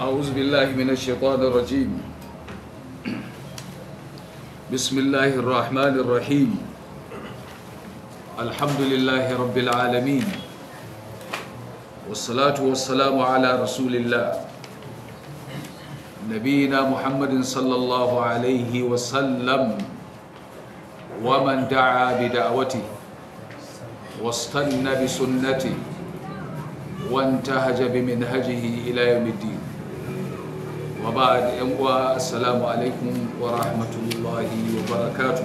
أعوذ بالله من الشيطان الرجيم بسم الله الرحمن الرحيم الحمد لله رب العالمين والصلاة والسلام على رسول الله نبينا محمد صلى الله عليه وسلم ومن دعا بدعوته واستنى بسنته وانتهج بمنهجه إلى يوم الدين wa da yan uwa assalamu alaikum wa rahmatullahi wa barakatu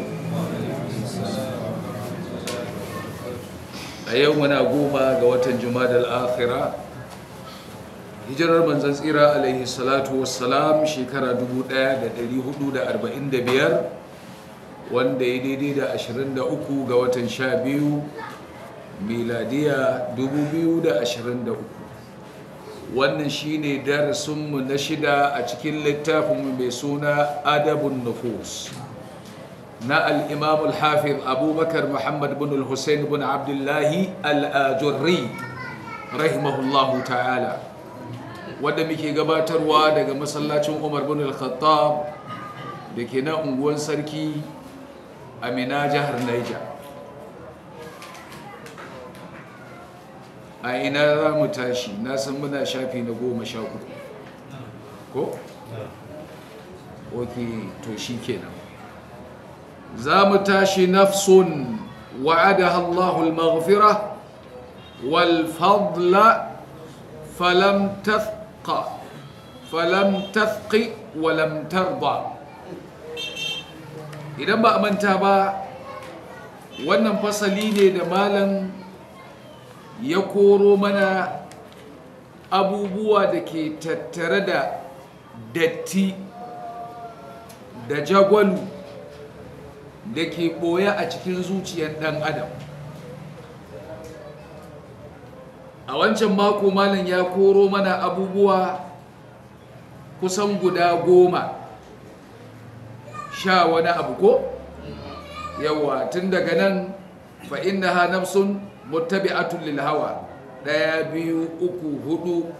a yau muna goma ga watan jumadal akhira hijirar manzan tsira alaihi salatu wassalam shekara 1445 wanda ya daidai da 23 ga watan 12 miladiya 2023 wannan shine darasinmu na shida a cikin littafinmu mai suna adabun nufus na al'imam al-hafiz abubakar muhammad bin al-hussein bin abdullahi al-ajurri rahimahullahu ta'ala wadda muke gabatarwa daga masallacin umar bin al-khattab da ke na unguwan sarki a mina jihar niger a ina za mu tashi na san muna shafi na goma sha uku ko? ok to shi kenan za mu tashi nafsun Allah Allahul maghfira wal fadla falam tathqa falam tarda idan ba a manta ba wannan fasali ne da malam ya koro mana abubuwa da ke tattare da datti da jagwalu da ke ɓoye a cikin zuciyar ɗan adam a wancan mako malam ya koro mana abubuwa kusan guda goma sha wani abu ko yawa tun daga nan fa'in na sun muttabi'atul lil hawa ɗaya biyu uku hudu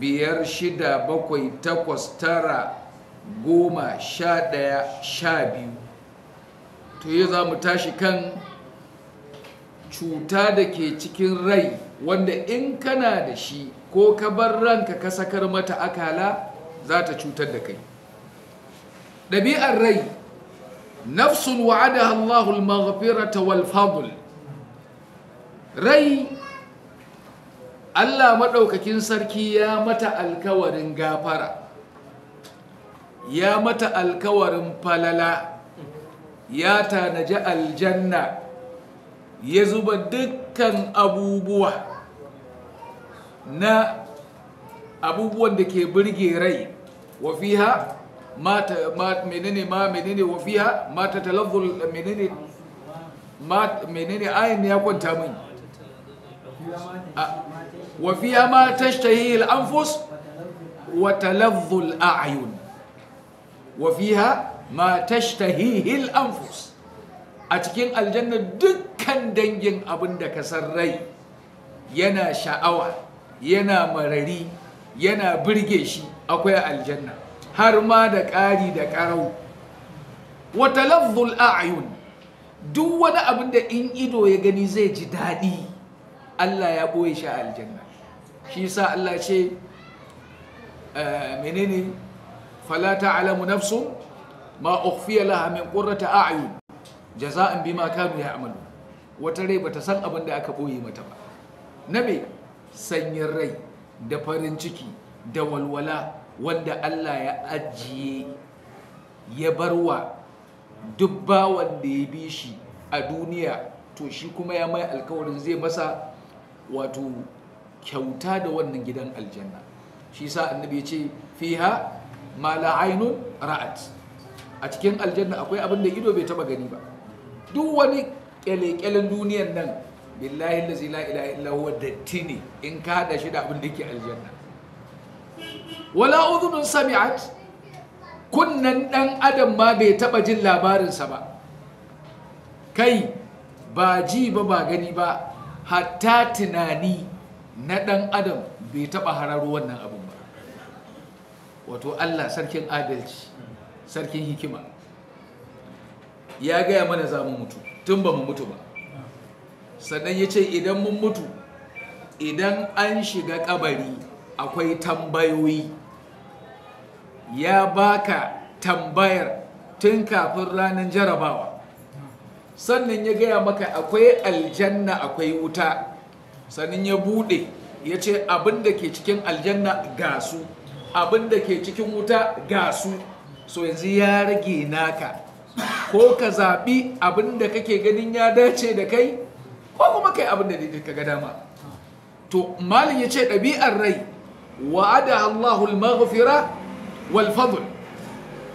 biyar shida bakwai takwas tara goma sha ɗaya sha biyu to yi za mu tashi kan cuta da ke cikin rai wanda in kana da shi ko ka bar ranka ka sakar mata akala za ta cutar da kai ɗabi'ar rai nafsun wa'ada Allahul maghfirata wal fadl rai Allah maɗaukakin sarki ya mata alkawarin gafara ya mata alkawarin falala ya tanaji aljanna ya zuba dukkan abubuwa na abubuwan da ke birge rai wafiha mata menene ma menene wafiha mata talafful menene ma menene ayin ya kwanta min wa fiya ma tashtahi al-anfus wa talazzu al-a'yun wa ma anfus a cikin aljanna dukkan dangin abinda da rai yana sha'awa yana marari yana birge shi akwai aljanna har ma da ƙari da ƙarau wata lafzul a'yun duk wani abin da in ido ya gani zai ji daɗi Allah ya boye shi a aljanna shi sa Allah ce eh, menene fala alamu nafsu? ma ukhfiya laha min qurrati a'yun jaza'an bima kanu ya'malu wata rai bata san abin da aka boye mata ba na me sanyin rai da farin ciki da walwala wanda Allah ya ajiye ya barwa duk wanda ya bi shi a duniya to shi kuma ya mai alkawarin zai masa wato kyauta da wannan gidan aljanna shi sa annabi ya ce fiha ma la ainun ra'at a cikin aljanna akwai abin da ido bai taba gani ba duk wani kyalekyalen kyalen duniyan nan billahi allazi la ilaha illa huwa datti ne in ka da shi da abin da ke aljanna wala udhunun sami'at kunnan dan adam ma bai taba jin labarinsa ba kai ba ji ba ba gani ba hatta tunani na ɗan adam bai taɓa hararo wannan abin ba wato allah sarkin adalci sarkin hikima ya gaya mana za mu mutu tun ba mu mutu ba sannan ya ce idan mun mutu idan an shiga kabari akwai tambayoyi ya baka tambayar tun kafin ranar jarabawa sannan ya gaya maka akwai aljanna akwai wuta sannan ya bude ya ce abin da ke cikin aljanna ga su abin da ke cikin wuta ga su so yanzu ya rage naka ko ka zaɓi abin da kake ganin ya dace da kai ko kuma kai abin da ka ga dama to malin ya ce ɗabi'ar rai wa'ada Allahul maghfira wal fadl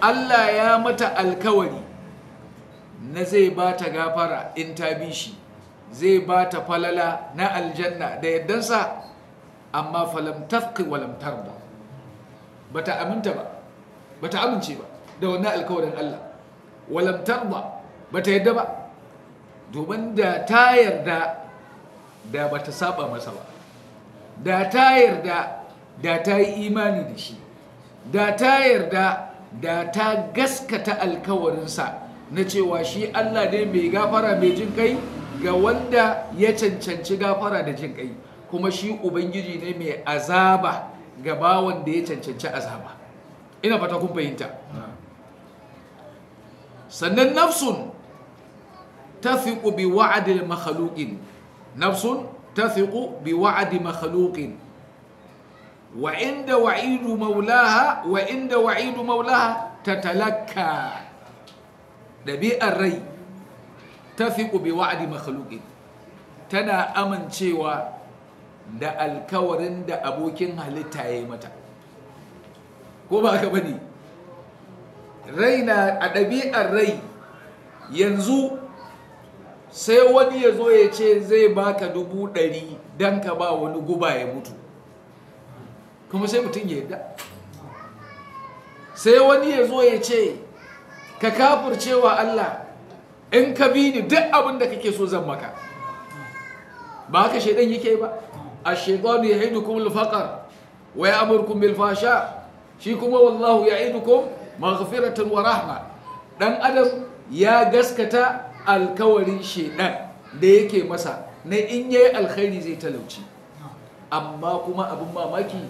Allah ya mata alkawari na zai ba ta gafara in ta bi shi zai ba ta falala na aljanna da yaddansa amma falam walamtar ba ba ta aminta ba ba ta amince ba da wannan alkawarin Allah walamtar ba ba ta yadda ba domin da ta yarda da ba ta saba masa ba da ta yarda da ta yi imani da shi da ta yarda da ta gaskata alkawarinsa na cewa shi Allah ne mai gafara mai jin kai ga wanda ya cancanci gafara da jin kai kuma shi ubangiji ne mai azaba ga bawan da ya cancanci azaba ina fata kun fahimta sannan nafsun tathiqu bi wa'adin makhluqin nafsun tathiqu bi wa'adin makhluqin wa inda wa'idu maulaha wa inda wa'idu maulaha talaka. ɗabi'ar rai ta fi ƙube wa'adi makhluki tana amincewa da alkawarin da abokin halitta ya yi mata ko ba ka bane rai na a ɗabi'ar rai yanzu sai wani ya zo ya ce zai baka dubu ɗari don ka ba wani guba ya mutu kuma sai mutum ya yadda sai wani ya zo ya ce ka kafurcewa Allah in ka bi ni duk abin da kake so zan maka ba haka shaidan yake ba a shaidan ya haidu kuma lufakar wa ya amurkum shi kuma wallahu ya haidu kuma maghfiratan wa rahma dan adam ya gaskata alkawarin shaidan da yake masa na in yayi alkhairi zai talauci amma kuma abin mamaki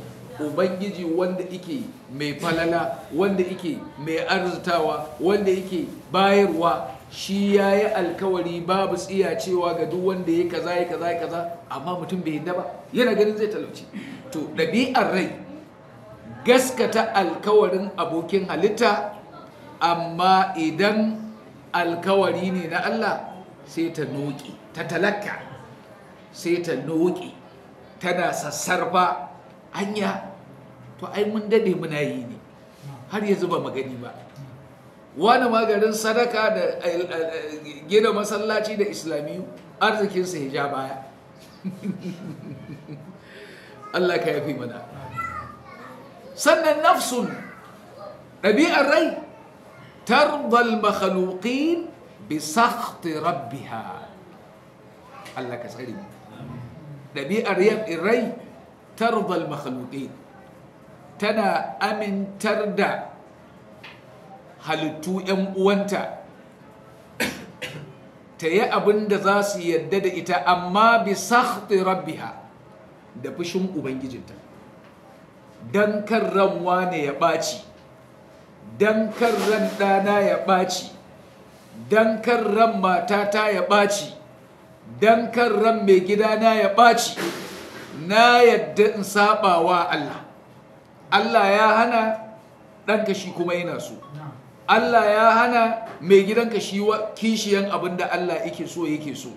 ubangiji wanda ike mai falala wanda ike mai arzitawa wanda ike bayarwa shi ya yi alkawari babu tsiya cewa ga duk wanda ya kaza ya kaza ya kaza amma mutum bai yadda ba yana ganin zai talauci to ɗabi'ar rai gaskata alkawarin abokin halitta amma idan alkawari ne na Allah sai ta noki ta talaka sai ta noki tana sassarfa hanya to ai mun dade muna yi ne har yanzu ba magani ba wani maganin sadaka da eh, eh, gina masallaci da islamiyu arzikinsa ya ja baya Allah ka yafi mana sannan nafsun ɗabi'ar rai tarbal makhluqin bi sakhti rabbiha Allah ka tsare mu ɗabi'ar rai tarbal makhluqin tana amintar da halittu 'yan uwanta ta yi abin da za su yadda da ita amma bi sakhti rabbiha da fushin ubangijinta don kan ran wane ya ɓaci don kan ran ɗana ya ɓaci don kan ran matata ya ɓaci don kan ran mai gidana ya ɓaci na yadda in saɓa wa Allah Allah ya hana ɗanka shi kuma yana so Allah ya hana mai gidanka shi kishiyan abin da Allah yake so yake so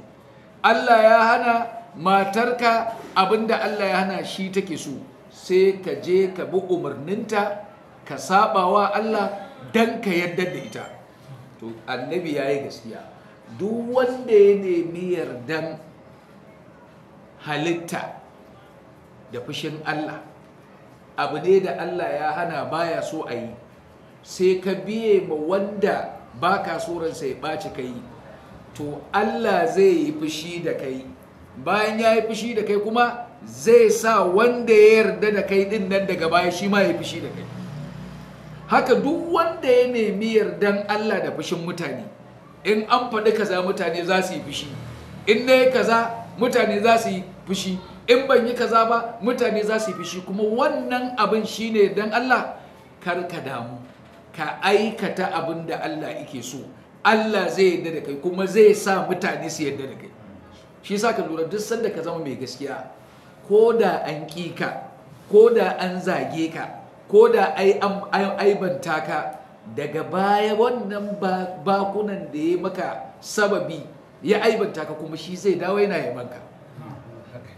Allah ya hana matarka abin da Allah ya hana shi take so sai ka je ka bi umarninta ka wa Allah dan ka yarda da ita to annabi ya yi gaskiya duk wanda ya nemi yardan halitta da fushin Allah abu ne da Allah ya hana baya so a yi sai ka biye ma wanda ba ka ransa ya ɓaci ka yi to Allah zai yi fushi da kai bayan ya yi fushi da kai kuma zai sa wanda ya yarda da kai din nan daga baya shi ma ya yi fushi da kai haka duk wanda ya nemi yardan Allah da fushin mutane in an faɗi kaza mutane za su yi fushi in na yi kaza mutane za su yi fushi in ban yi kaza ba mutane za su yi fishi kuma wannan abin shine dan Allah kar ka damu ka aikata abin da Allah yake so Allah zai yarda da kai kuma zai sa mutane su yarda da kai shi sa ka lura duk sanda ka zama mai gaskiya ko da an ƙi ka ko da an zage ka ko da aibanta ka daga baya wannan bakunan da ya maka sababi ya aibanta ka kuma shi zai dawo yana manka.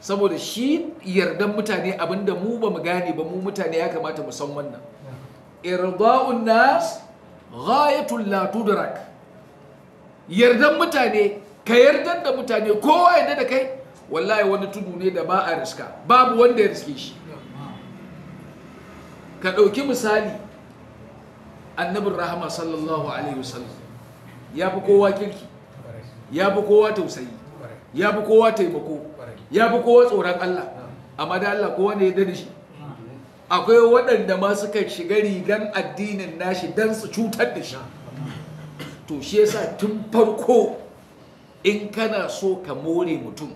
saboda shi yardan mutane abinda mu ba mu gane ba mu mutane ya kamata mu san wannan irda'un nas ghayatul la tudrak yardan mutane ka yardan da mutane kowa yarda da kai wallahi wani tudu ne da ba a riska babu wanda ya riske shi ka ɗauki misali annabin rahama sallallahu alaihi wasallam ya fi kowa kirki ya fi kowa tausayi ya fi kowa taimako ya fi kowa tsoron Allah amma da Allah kowa ne ya da shi akwai waɗanda ma suka shiga rigan addinin nashi don su cutar da shi to shi yasa tun farko in kana so ka more mutum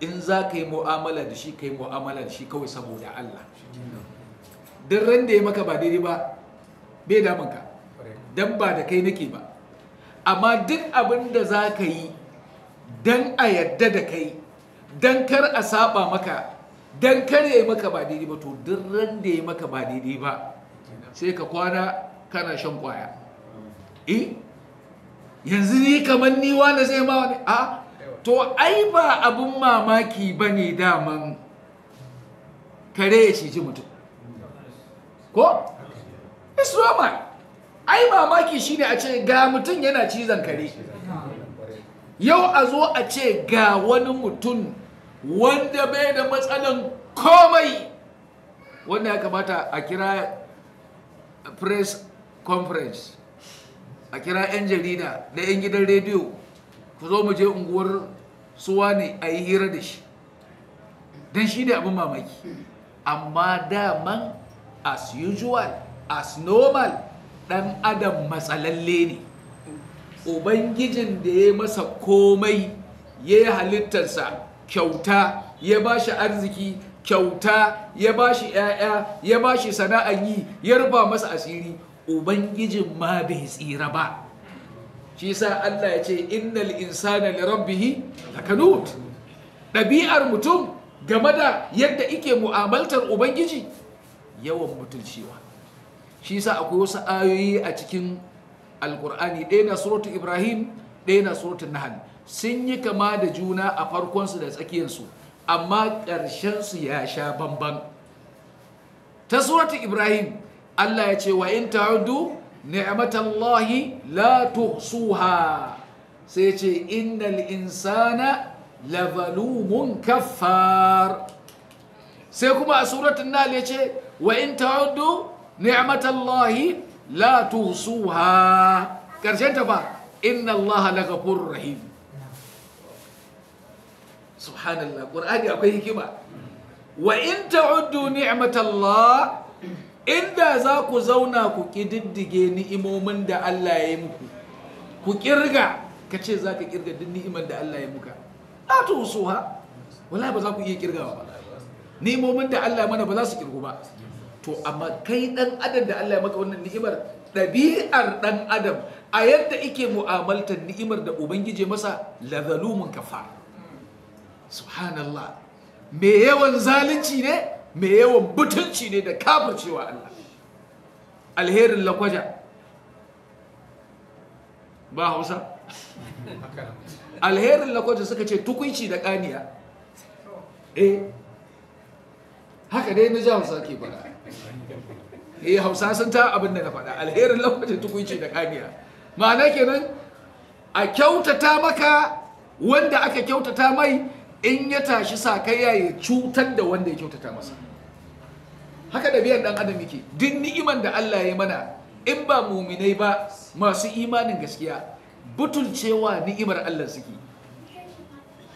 in za ka yi mu'amala da shi ka yi mu'amala da shi kawai saboda Allah duk ran da ya maka ba daidai ba bai damunka don ba da kai nake ba amma duk abin da za ka yi don a yadda da kai dan kar a saba maka dan kar ya maka ba daidai ba to duk ran da ya maka ba daidai ba sai ka kwana kana shan kwaya eh yanzu ni kamar ni wani zai ma wani a to ai ba abun mamaki ba ne daman kare ya ciji mutum ko? it's normal ai mamaki shine a ce ga mutum yana cizon kare yau a zo a ce ga wani mutum wanda bai da matsalan komai wanda ya kamata a kira press conference a kira 'yan jarida da 'yan gidan rediyo ku zo mu je unguwar suwa ne a yi hira da shi don shi ne abin mamaki amma daman as usual as normal dan adam matsalalle ne ubangijin da ya masa komai ya yi halittarsa kyauta ya ba shi arziki kyauta ya ba shi ‘ya'ya ya ba shi sana'an yi ya rufa masa asiri ubangijin ma bai tsira ba shi sa Allah ya ce innal insana li rabbihi lakanut ɗabi'ar mutum game da yadda ike mu'amaltar ubangiji yawan mutuncewa shi sa akwai wasu ayoyi a cikin alkur'ani ɗaya na suratu ibrahim ɗaya na suratu nahal sun yi kama da juna a farkonsu da tsakiyarsu amma ƙarshensu ya sha bamban ta suratu ibrahim allah ya ce wa in ta'udu ni'matallahi la tuhsuha sai ya ce innal insana lavalumun kaffar sai kuma a suratun nal ya ce wa in ta'udu ni'matallahi la tuhsuha ƙarshen ta ba inna allaha lagafurur rahim subhanallah qur'ani akwai hikima wa in ta'uddu ni'matallah inda za ku zauna ku ƙididdige ni'imomin da Allah ya yi muku ku kirga ka ce za ka kirga duk ni'imar da Allah ya yi muka la ta ha wala ba za ku iya kirgawa ba ni'imomin da Allah mana ba za su kirgu ba to amma kai dan adam da Allah ya maka wannan ni'imar dabi'ar dan adam a yadda ike mu'amaltar ni'imar da ubangije masa la zalumun kafara subhanallah me yawan zalunci ne me yawan butunci ne da cewa Allah alherin lakwaja ba hausa alherin lakwaja suka ce tukunci da ƙaniya eh haka dai na ji hausa ke fara eh hausa sun ta abin da na faɗa alherin lakwaja tukunci da ƙaniya ma'ana kenan a kyautata maka wanda aka kyautata mai in ya tashi sa kai ya cutar da wanda ya kyautata masa haka da biyan dan adam yake duk ni'iman da Allah ya mana in ba muminai ba masu imanin gaskiya butulcewa ni'imar Allah suke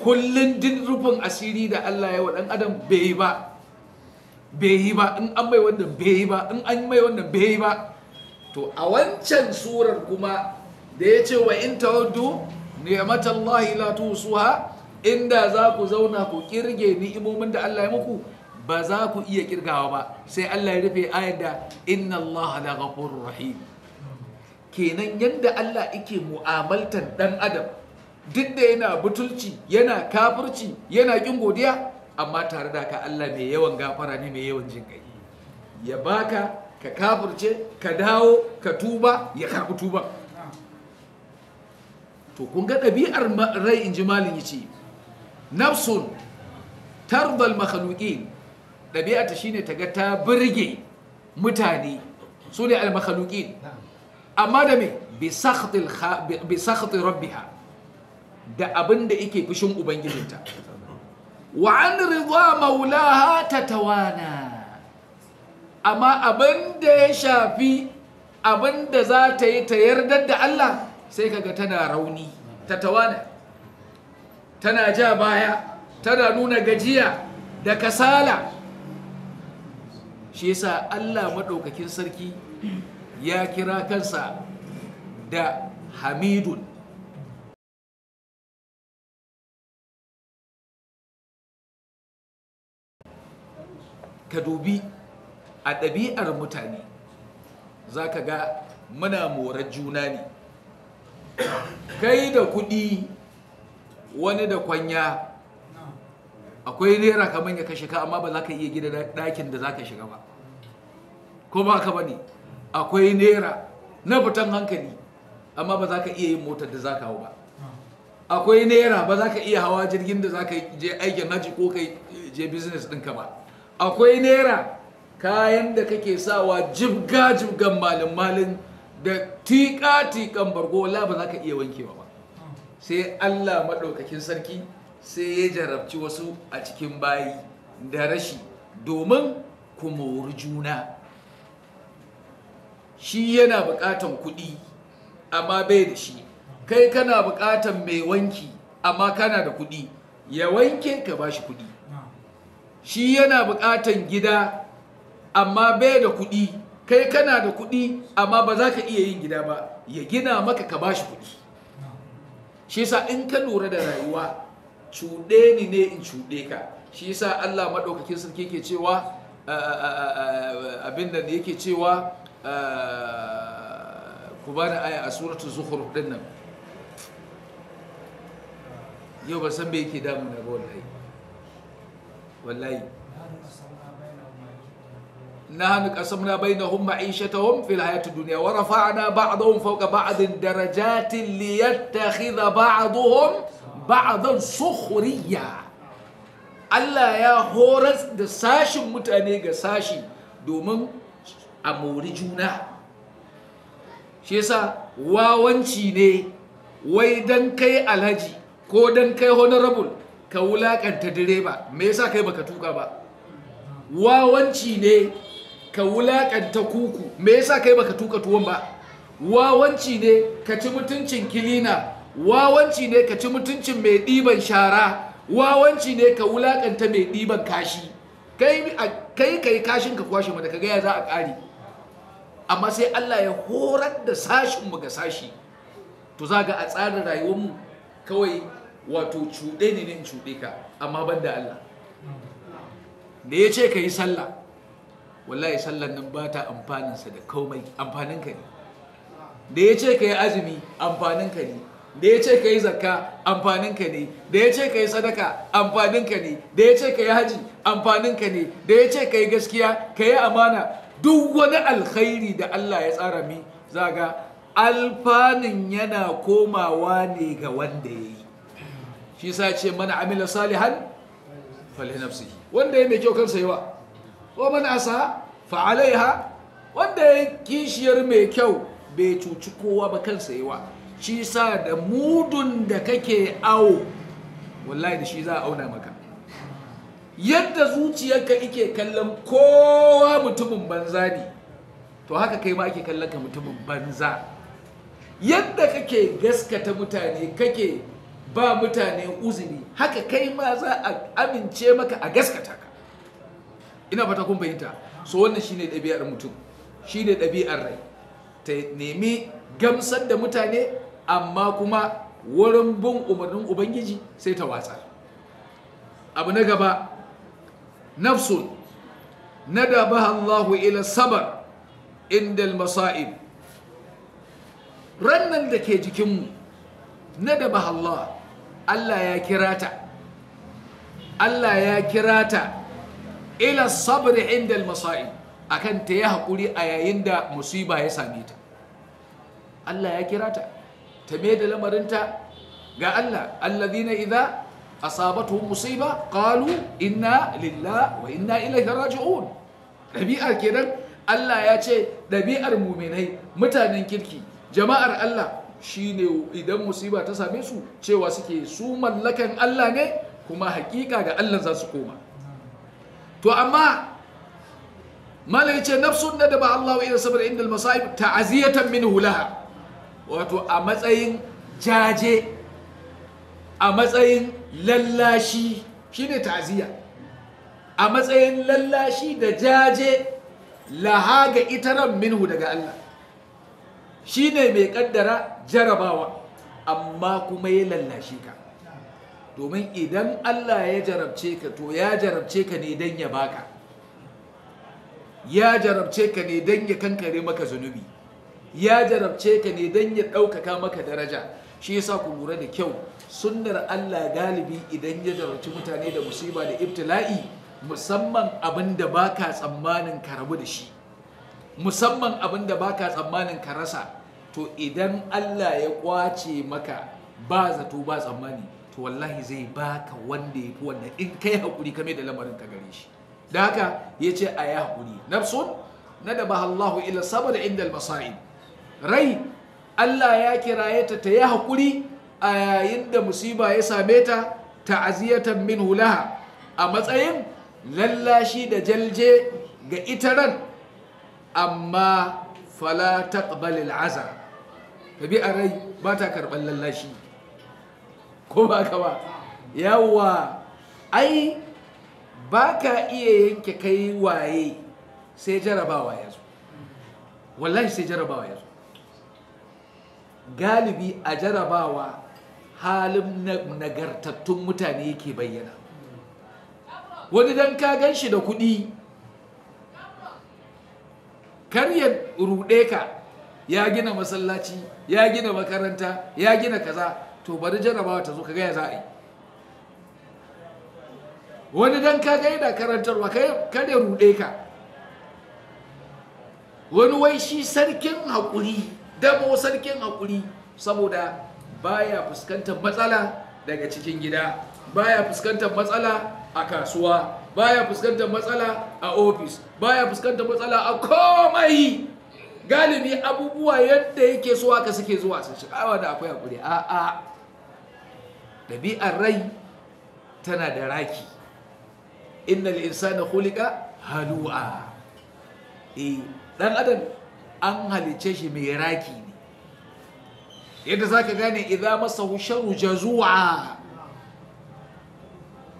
kullun din rufin asiri da Allah ya wa dan adam bai ba bai ba in an mai wannan bai ba in an mai wannan bai ba to a wancan surar kuma da ya ce wa in tawaddu ni'matallahi la tusuha inda za ku zauna ku kirge ni'imomin da Allah ya muku ba za ku iya kirgawa ba sai Allah ya rufe ayar da inna Allah la ghafurur rahim kenan yanda Allah yake mu'amaltan dan adam duk da yana butulci yana kafirci yana kin godiya amma tare da ka Allah mai yawan gafara ne mai yawan jin ya baka ka kafirce ka dawo ka tuba ya karbi tuba to kun ga ɗabi'ar rai in ji malin yace nafsun tarbal makhluqin ɗabi'ata shine ta ga ta birge mutane su ne al amma da me bi sakhti rabbiha da abinda yake fushin ubangijinta wa an ridha maulaha tawana amma da ya shafi da za ta yi ta yarda da Allah sai kaga tana rauni tawana. tana ja baya tana nuna gajiya da kasala shi yasa Allah maɗaukakin sarki ya kira kansa da hamidun ka dubi a ɗabi'ar mutane za ka ga muna morar juna ne kai da kuɗi wani da kwanya akwai naira kamar ya kashe ka amma ba za ka iya gida ɗakin da za ka shiga ba ko ba ka bane akwai naira na fitan hankali amma ba za ka iya yin motar da za ka hau ba akwai naira ba za ka iya hawa jirgin da za ka je aikin haji ko ka je business ɗinka ba akwai naira kayan da kake sawa jibga jibgan malin malin da tiƙa tiƙan bargo wala ba za ka iya wankewa ba sai Allah maɗaukakin sarki sai ya jarabci wasu a cikin bayi da rashi domin ku juna shi yana buƙatan kuɗi amma bai da shi kai kana buƙatan mai wanki amma kana da kuɗi ya wanke ka ba shi kuɗi shi yana buƙatan gida amma bai da kuɗi kai kana da kuɗi amma ba za ka iya yin gida ba ya gina maka ka ba shi kuɗi shi yasa in ka lura da rayuwa cuɗe ni ne in cuɗe ka shi yasa Allah maɗaukakin sarki yake cewa abin da yake cewa ku ni aya a suratul zukhruf din nan yau ba san me yake damu na ba wallahi wallahi نحن قسمنا بينهم معيشتهم في الحياة الدنيا ورفعنا بعضهم فوق بعض درجات ليتخذ بعضهم بعضا سخريا Allah ya horar da sashin mutane ga sashi domin a mori juna shi wawanci ne wai dan kai alhaji ko dan kai honorable ka wulaƙanta direba me yasa kai baka tuka ba wawanci ne ka wulakanta kuku me yasa kai baka tuka tuwon ba wawanci ne ka ci mutuncin kilina wawanci ne ka ci mutuncin mai ɗiban shara wawanci ne ka wulakanta mai ɗiban kashi kai kai kai kashin ka kwashe mata ka gaya za a ƙari amma sai Allah ya horar da sashin mu ga sashi to za ga a tsarin mu kawai wato cuɗe ne ne in cuɗe ka amma ban da Allah da ya ce ka yi sallah wallahi sallan nan ba ta amfaninsa da komai amfaninka ne da ya ce ka yi azumi amfaninka ne da ya ce ka yi zakka amfaninka ne da ya ce ka yi sadaka amfaninka ne da ya ce ka yi haji amfaninka ne da ya ce ka yi gaskiya ka yi amana duk wani alkhairi da Allah ya tsara mi zaga alfanin yana komawa ne ga wanda ya yi shi sa ce mana amila salihan falinafsi wanda ya mai kyau kansa yawa ko man asa fa alaiha wanda ya kishiyar mai kyau bai cuci kowa ba kansa yawa shi sa da mudun da kake awo wallahi da shi za a auna maka yadda zuciyarka ike kallon kowa mutumin banza ne to haka kai ma ake kallon ka mutumin banza yadda kake gaskata mutane kake ba mutane uzuri haka kai ma za a amince maka a gaskata ina fata kun fahimta so wannan shine ɗabi'ar mutum shine ɗabi'ar rai ta nemi gamsar da mutane amma kuma wurin bin umarnin ubangiji sai ta watsar abu na gaba nafsun nadabaha Allahu ila sabar inda masa'ib rannan da ke jikinmu nadabaha Allah Allah ya kirata Allah ya kirata ila sabr inda al-masa'ib akan ta yi hakuri a yayin da musiba ya same ta Allah ya kira ta ta da lamarinta ga Allah alladhina idza asabatuhum musiba qalu inna lillahi wa inna ilaihi raji'un dabi'ar kenan Allah ya ce dabi'ar muminai mutanen kirki jama'ar Allah shine idan musiba ta same su cewa suke su mallakan Allah ne kuma hakika ga Allah za su koma to amma malai ce nafsun da ba Allah ila sabar indal masa'ib ta'aziyatan minhu laha wato a matsayin jaje a matsayin lallashi shine ta'ziya a matsayin lallashi da jaje laha ga itaran minhu daga Allah shine mai kaddara jarabawa amma kuma ya lallashi ka domin idan Allah ya jarabce ka to ya jarabce ka ne don ya baka ya jarabce ka ne don ya kankare maka zunubi ya jarabce ka ne don ya ɗaukaka maka daraja shi yasa ku lura da kyau sunnar Allah galibi idan ya jarabci mutane da musiba da ibtila'i musamman abin da ba ka tsammanin ka rabu da shi musamman abin da ba ka tsammanin ka rasa to idan Allah ya kwace maka ba zato ba tsammani to wallahi zai baka wanda ya fi wannan in kai hakuri kame da lamarin ka gare shi da haka ya ce a yi haƙuri nafsun na da ba Allahu ila saboda inda masa'id rai Allah ya kiraye ta ta yi haƙuri a yayin da musiba ya same ta ta aziyatan min hulaha a matsayin lallashi da jalje ga ita ran amma fala azar Ka bi a rai ba ta karɓar lallashi ko ba ka ba yawa ai ba ka iya yanke kai waye sai jarabawa ya zo wallahi sai jarabawa ya zo galibi a jarabawa halin nagartattun mutane yake bayyana wani don ka gan shi da kuɗi ya ruɗe ka ya gina masallaci ya gina makaranta ya gina kaza to bari jarabawa ta zo ka gaya za a yi wani don ka ga yana karantarwa kada ruɗe ka wani wai shi sarkin haƙuri damo sarkin haƙuri saboda baya fuskantar matsala daga cikin gida baya fuskantar matsala a kasuwa baya fuskantar matsala a ofis baya fuskantar matsala a komai galibi abubuwa yadda yake suwa aka suke zuwa sun shi da akwai haƙuri? A'a. ɗabi'ar rai tana da raki innal insana khuliqa halu'a eh ɗan adam an halice shi mai raki ne yadda zaka gane idza masahu sharu jazua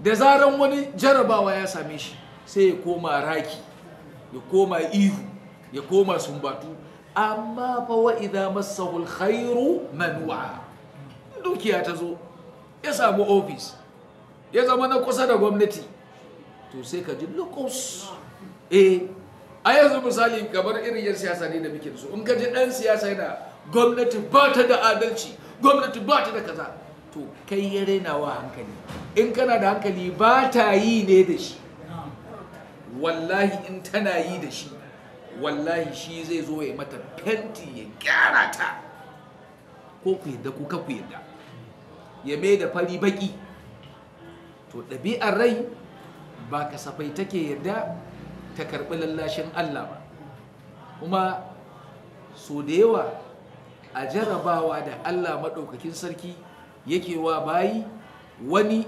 da zaran wani jarabawa ya same shi sai ya koma raki ya koma ihu ya koma sumbatu amma fa wa idza masahu alkhairu manua dukiya ta zo ya samu ofis ya zama na kusa da gwamnati to sai ka ji eh a yanzu misali kamar irin yan siyasa ne da muke da su in ka ji ɗan siyasa yana gwamnati ba ta da adalci gwamnati ba ta da kaza to kai ya raina wa hankali in kana da hankali ba ta yi ne da shi wallahi in tana yi da shi wallahi shi zai zo ya mata fenti ya gyara ta ko ku yadda ko ka ku yadda ya mai da fari baki to ɗabi'ar rai ba kasafai take yarda ta karɓi lallashin Allah ba kuma so da yawa a jarabawa da Allah maɗaukakin sarki yake wa bayi wani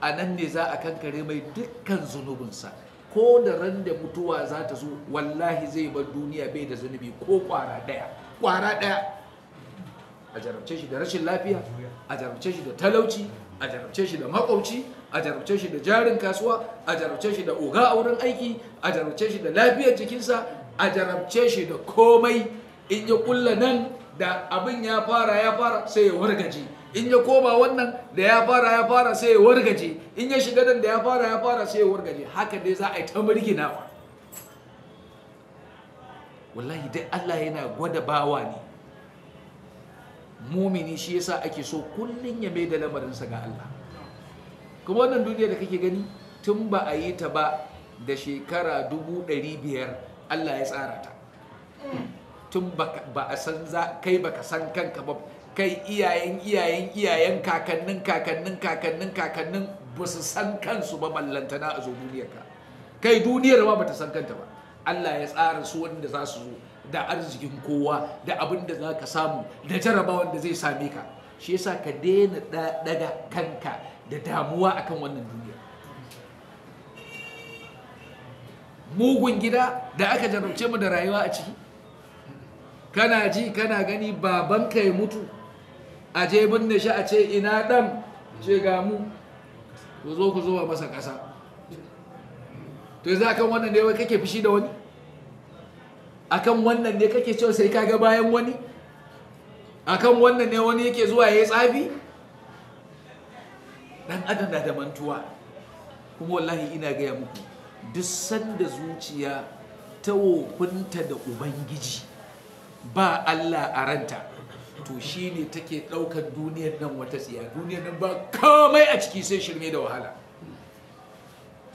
a nan ne za a kankare mai dukkan zunubinsa ko da ran da mutuwa za ta zo wallahi zai bar duniya bai da zunubi ko kwara ɗaya kwara ɗaya a jarabce shi da rashin lafiya a jarabce shi da talauci a jarabce shi da makwauci a jarabce shi da jarin kasuwa a jarabce shi da oga a wurin aiki a jarabce shi da lafiyar jikinsa a jarabce shi da komai in ya kulla nan da abin ya fara ya fara sai ya wargaje in ya koma wannan da ya fara ya fara sai ya wargaje in ya shiga nan da ya fara ya fara sai ya wargaje haka dai za a yi ta murginawa wallahi dai Allah yana gwada bawa ne mumini shi yasa ake so kullun ya mai da lamarinsa ga Allah kuma wannan duniya da kake gani tun ba a yi ta ba da shekara dubu ɗari biyar Allah ya tsara ta tun ba a san za kai baka san kanka ba kai iyayen iyayen iyayen kakannin kakannin kakannin kakannin ba su san kansu ba ballantana a zo duniyarka kai duniyar ma bata san kanta ba Allah ya tsara su wanda za su zo da arzikin kowa da abin da za ka samu da jaraba wanda zai same ka shi yasa ka daina daga kanka da damuwa akan wannan duniya mugun gida da aka jarabce mu da rayuwa a ciki kana ji kana gani baban ka ya mutu a jebin binne shi a ce ina dan ce ga mu ku zo ku zo masa kasa to yanzu akan wannan ne wai kake fushi da wani akan wannan ne kake cewa sai ka ga bayan wani akan wannan ne wani yake zuwa ya yi tsafi dan adam na da mantuwa kuma wallahi ina gaya muku duk sanda zuciya ta wofinta da ubangiji ba Allah a ranta to shi ne take ɗaukar duniyar nan wata tsiya duniyar nan ba kamai a ciki sai shirme da wahala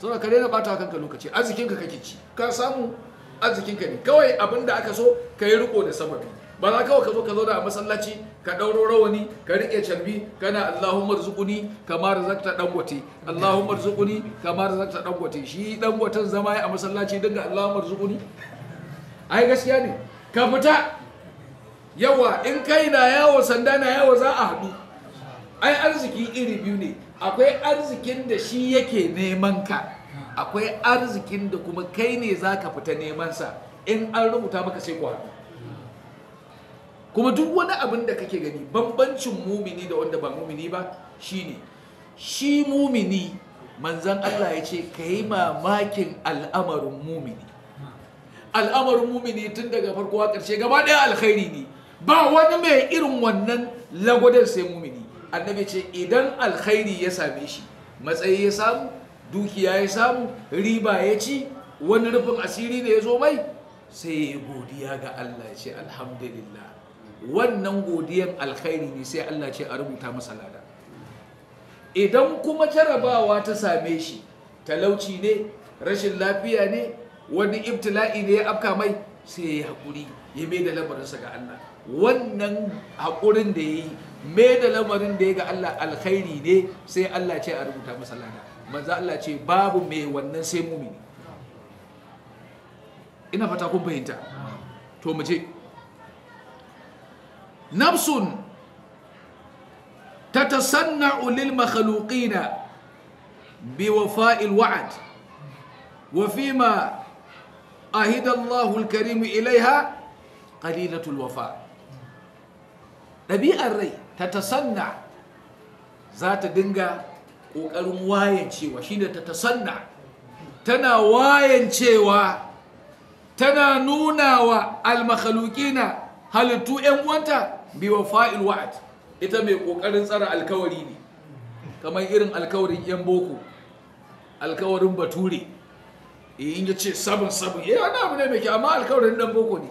saboda kare na bata kanka lokaci arzikinka kake ci ka samu arzikinka ne kawai abin da aka so ka yi riko da sababi ba za kawai ka zo ka zauna a masallaci ka ɗauro rawani ka riƙe calbi kana Allahumma rizquni kama razaqta dangote Allahumma rizquni kama razaqta dangote shi dangoten zama ya a masallaci dinga Allahumma rizquni ai gaskiya ne ka fita yawa in kai na yawo sanda na yawo za a haɗu ai arziki iri biyu ne akwai arzikin da shi yake neman ka akwai arzikin da kuma kai ne za ka fita sa in an rubuta maka sai ku kuma duk wani abin da kake gani bambancin mumini da wanda ba mumini ba shine shi mumini manzan Allah ya ce ka yi mamakin al'amarin mumini al'amarin mumini tun daga farko a ƙarshe gaba ɗaya alkhairi ne ba wani mai irin wannan lagwadar sai mumini annabi ce idan alkhairi ya same shi matsayi ya samu dukiya ya samu riba ya ci wani rufin asiri da ya zo mai sai ya godiya ga Allah ya ce alhamdulillah wannan godiyan alkhairi ne sai Allah ce a rubuta masa lada idan kuma jarabawa ta same shi talauci ne rashin lafiya ne wani ibtila'i ne ya afka mai sai ya yi haƙuri ya mai da lamarinsa ga Allah wannan haƙurin da ya yi mai da lamarin da ya ga Allah alkhairi ne sai Allah ce a rubuta masa lada manzo Allah ce babu mai wannan sai mumini ina fata kun fahimta to mu je nafsun tatasanna'u lil makhluqina bi wafa'il wa'd wa fima ahida Allahu al-karim ilaiha qalilatul wafa ɗabi'ar rai ta tasanna za ta dinga ƙoƙarin wayancewa ne ta tasanna tana wayancewa tana nuna wa almakhalukina halittu 'yan uwanta bi wa'ad ita mai ƙoƙarin tsara alkawari ne kamar irin alkawarin 'yan boko alkawarin bature eh, in ya ce sabon sabon ya eh, wani abu ne mai kyau amma alkawarin dan boko ne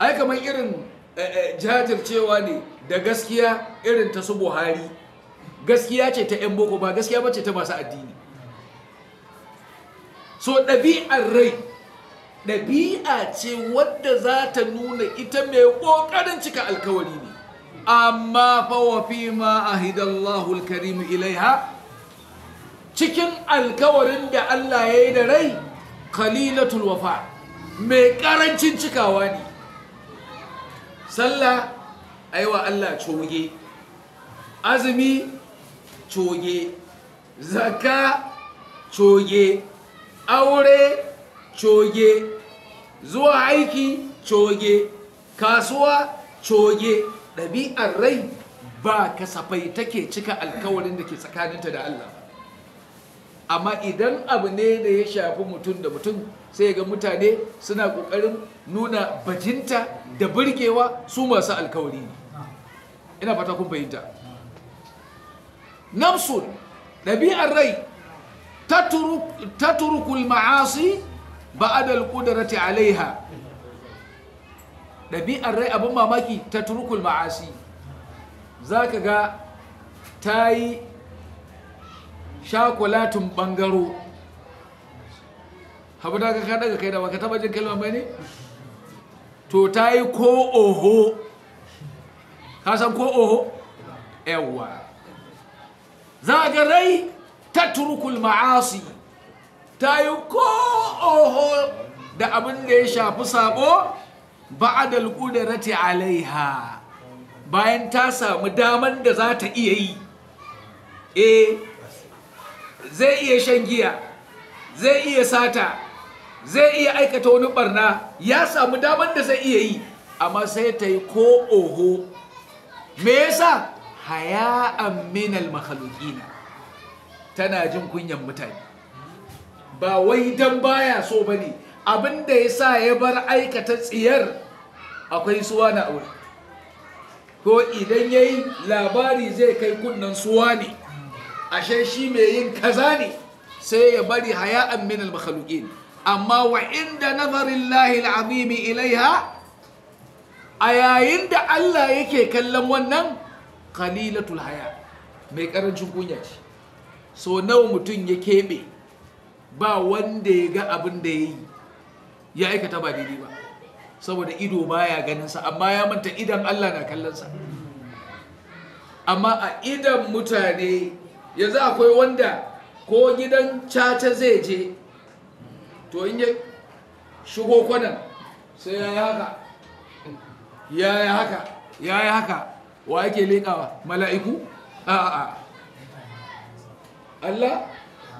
ai kamar irin eh, jajircewa ne da gaskiya irin ta su buhari gaskiya ce ta 'yan boko ba gaskiya ba ce ta masu addini so ɗabi'ar rai ɗabi'a ce wadda za ta nuna ita mai ƙoƙarin cika alkawari ne amma fawafi ma a ahidallahu alkarimu ilaiha cikin alkawarin da Allah ya yi da rai kalilatul wafa mai ƙarancin cikawa ne sallah aiwa Allah coge azumi coge zaka coge aure coge zuwa aiki coge kasuwa coge ɗabi'ar rai ba kasafai take cika alkawarin da ke tsakaninta da Allah amma idan abu ne da ya shafi mutum da mutum sai ga mutane suna ƙoƙarin nuna bajinta da burgewa su masu alkawari ina fata kun fahimta nafsun ɗabi'ar rai taturukul ma'asi ba'adal qudrati alaiha ɗabi'ar rai abin mamaki ta taturukul ma'asi zaka ga ta yi shakulatin ɓangaro haɓu daga kai da baka taɓa jin kalmar ba ne? to ta yi ko oho ka san ko oho? yawwa zagarai ta turkul ma'asi ta yi ko oho da abin da ya shafi sabo ba a da rati alaiha bayan ta samu daman da za ta iya yi eh zai iya shan giya zai iya sata zai iya aikata wani barna ya samu daman da zai iya yi amma sai ta yi ko oho me yasa haya'an minal makhalukina tana jin kunyan mutane ba wai dan baya so bane abinda yasa ya bar aikata tsiyar akwai suwa na aure ko idan yayi labari zai kai kunnan suwa ne ashe shi mai yin kaza ne sai ya bari haya'an minal makhluqin amma wa inda nazarin lahil azimi ilaiha a yayin da Allah yake kallon wannan qalilatul haya mai karancin kunya ce so nawa mutum ya keɓe ba wanda ya ga abin da ya yi ya aikata ba daidai ba saboda ido baya ganinsa amma ya manta idan Allah na kallonsa amma a idan mutane yanzu akwai wanda ko gidan caca zai je to in ya shigo kwanan sai ya yi haka ya yi haka ya yi haka wa yake leƙawa mala'iku a'a Allah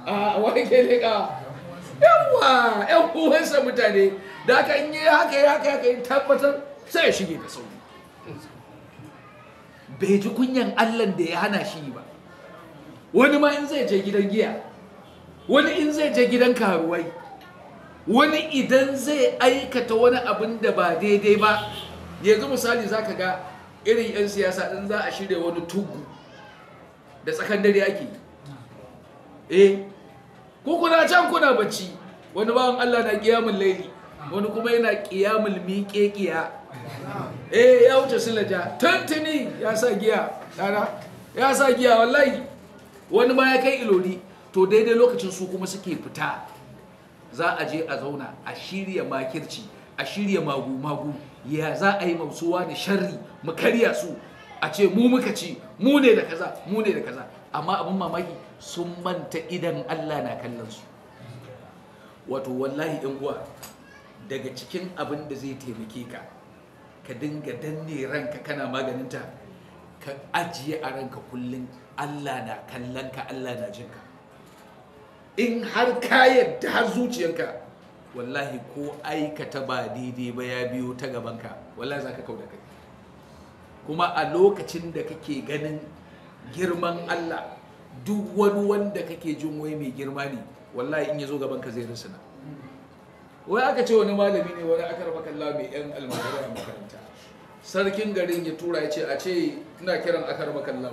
a'a wa yake leƙawa yawa yan uwansa mutane da aka yi haka yi haka haka tabbatar sai ya shige da sauri bai ji kunyan Allah da ya hana shi ba wani ma in zai je gidan giya wani in zai je gidan karuwai wani idan zai aikata wani abin da ba daidai ba yanzu misali zaka ga irin 'yan siyasa ɗin za a shirya wani tugu da tsakan dare ake eh ko kuna can kuna bacci wani bawan Allah na ƙiyamun laili wani kuma yana ƙiyamun miƙe kiya eh ya wuce silaja tantini ya sa giya dana ya sa giya wallahi wani ma ya kai ilori to daidai lokacin su kuma suke fita za a je a zauna a shirya makirci a shirya magu-magu ya za a yi mausuwa da sharri mu karya su a ce mu muka ci mu ne da kaza mu ne da kaza amma abin mamaki sun manta idan Allah na kallon su wato wallahi yan uwa daga cikin abin da zai taimake ka ka dinga danne ranka kana maganinta ka ajiye a ranka kullum Allah na kallon ka Allah na jinka in har ka yadda har zuciyarka wallahi ko aikata ba daidai ba ya biyo ta gabanka wallahi za ka kau da kai kuma a lokacin da kake ganin girman Allah duk wani wanda kake jin wai mai girma ne wallahi in ya zo gabanka zai rusuna wai aka ce wani malami ne wani aka raba kalla mai yan almajirai a makaranta sarkin garin ya tura ya ce a ce ina kiran aka raba kalla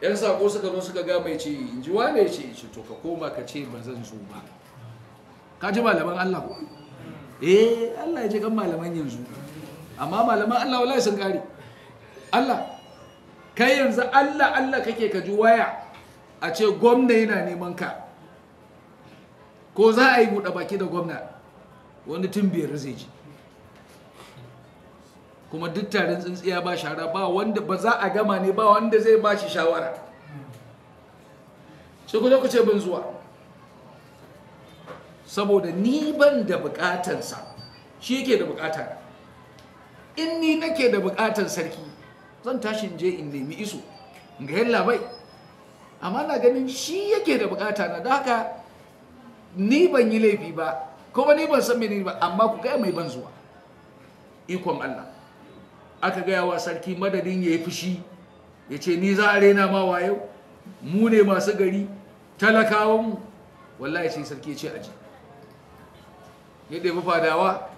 yan sako suka zo suka ga mai ce in ji wane ce to ka koma ka ce ba zan zo ba ka malaman Allah ko eh Allah ya ce kan malaman yanzu amma malaman Allah wallahi sun kare Allah kai yanzu Allah Allah kake ka ji waya a ce gwamna yana neman ka ko za a yi buɗe baki da gwamna wani tun biyar zai ji kuma duk tarin tsintsiya ba shara ba wanda ba za a gama ne ba wanda zai ba shi shawara shi ku ku ce bin zuwa saboda ni ban da bukatansa shi yake da bukata in ni nake da bukatan sarki zan tashin je in nemi iso ga yalla bai amma na ganin shi yake da bukata na da haka ni ban yi laifi ba kuma ni ban san menene ba amma ku gaya mai ban zuwa ikon Allah aka gaya wa sarki madadin ya yi fushi ya ce ni za a rena ma wayo mu ne masu gari talakawanmu wallahi sai sarki ya ce aji ya fadawa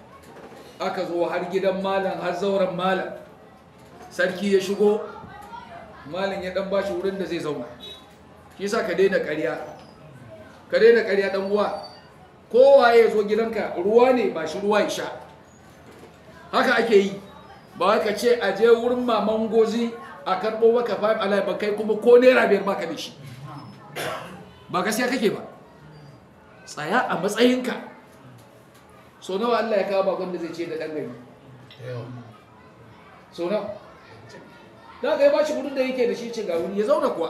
aka zo har gidan malam har zauren malam sarki ya shigo malam ya ɗan bashi wurin da zai zauna shi sa ka daina ƙarya ka daina ƙarya ɗan uwa kowa ya zo gidanka ruwa ne ba shi ruwa ya sha haka ake yi ba ka ce a je wurin maman gozi a karɓo maka fahim alayi ba kai kuma ko naira biyar ba ka da shi ba gaskiya kake ba tsaya a matsayinka so nawa Allah ya kawo bakon da zai ce da ɗan gari so nawa da aka yi ba shi gudun da yake da shi cin gawuni ya zauna kuwa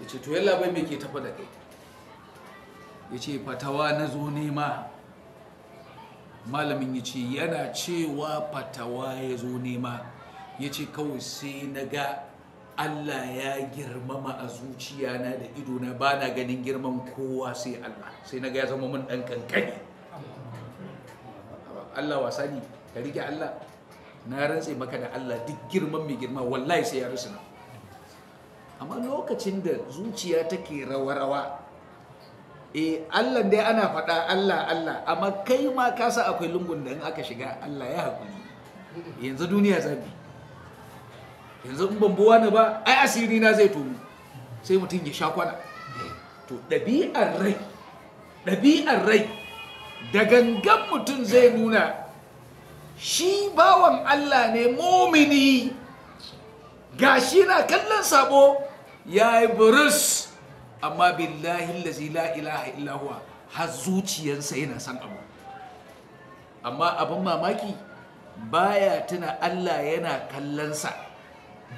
ya ce to yalla bai mai ke tafa da kai ya ce fatawa na zo nema malamin ya ce yana cewa fatawa ya zo nema ya ce kawai sai na ga Allah ya girmama a zuciyana da idona ba na ganin girman kowa sai Allah sai na ga ya zama mun ɗan kankani Allah wasa ne ka rike Allah na rantse maka da Allah duk girman mai girma wallahi sai ya na amma lokacin da zuciya take rawa-rawa eh Allah dai ana faɗa Allah Allah amma kai ma kasa akwai lungun da in aka shiga Allah ya haƙuri yanzu duniya zabi yanzu in ban wani ni ba ai asiri na zai tomu sai mutum ya sha kwana to ɗabi'ar rai ɗabi'ar rai da gangan mutum zai nuna shi bawan Allah ne momini shi na kallon sabo ya yi buris amma billahi lazi la ilaha illahuwa har zuciyarsa yana san abu amma abin mamaki baya tuna Allah yana kallonsa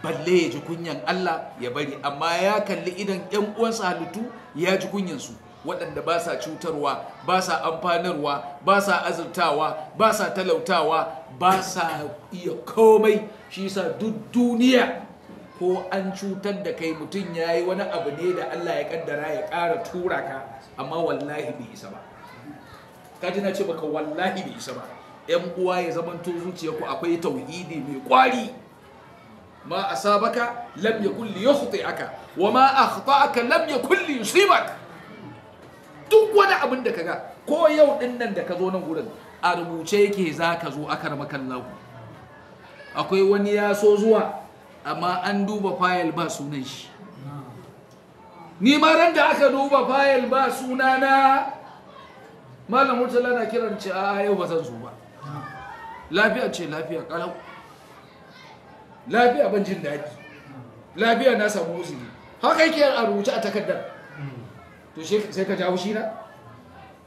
balle ya ji kunyan Allah ya bari amma ya kalli idan ƴan uwansa halittu ya ji kunyansu waɗanda ba sa cutarwa ba sa amfanarwa ba sa azurtawa ba sa talautawa ba sa iya komai shi sa duk duniya ko an cutar da kai mutum ya yi wani abu ne da Allah ya kaddara ya ƙara tura ka amma wallahi bai isa ba ka ji na ce baka wallahi bai isa ba 'yan uwa ya zamanto zuciya ku akwai tauhidi mai kwari ma asabaka lam yakun li yukhti'aka wa ma akhta'aka lam duk wani abin da ga. ko yau din nan da ka zo nan gurin a rubuce yake ka zo kan makallahu akwai wani ya so zuwa amma an duba fayil ba sunan shi ni ma ran da aka duba fayil ba sunana malam murtala na kiran ci a yau ba zan zo ba lafiya ce lafiya kalau lafiya ban jin daɗi lafiya na samu uzuri haka yake a rubuce a takardar to sai ka jawo shi na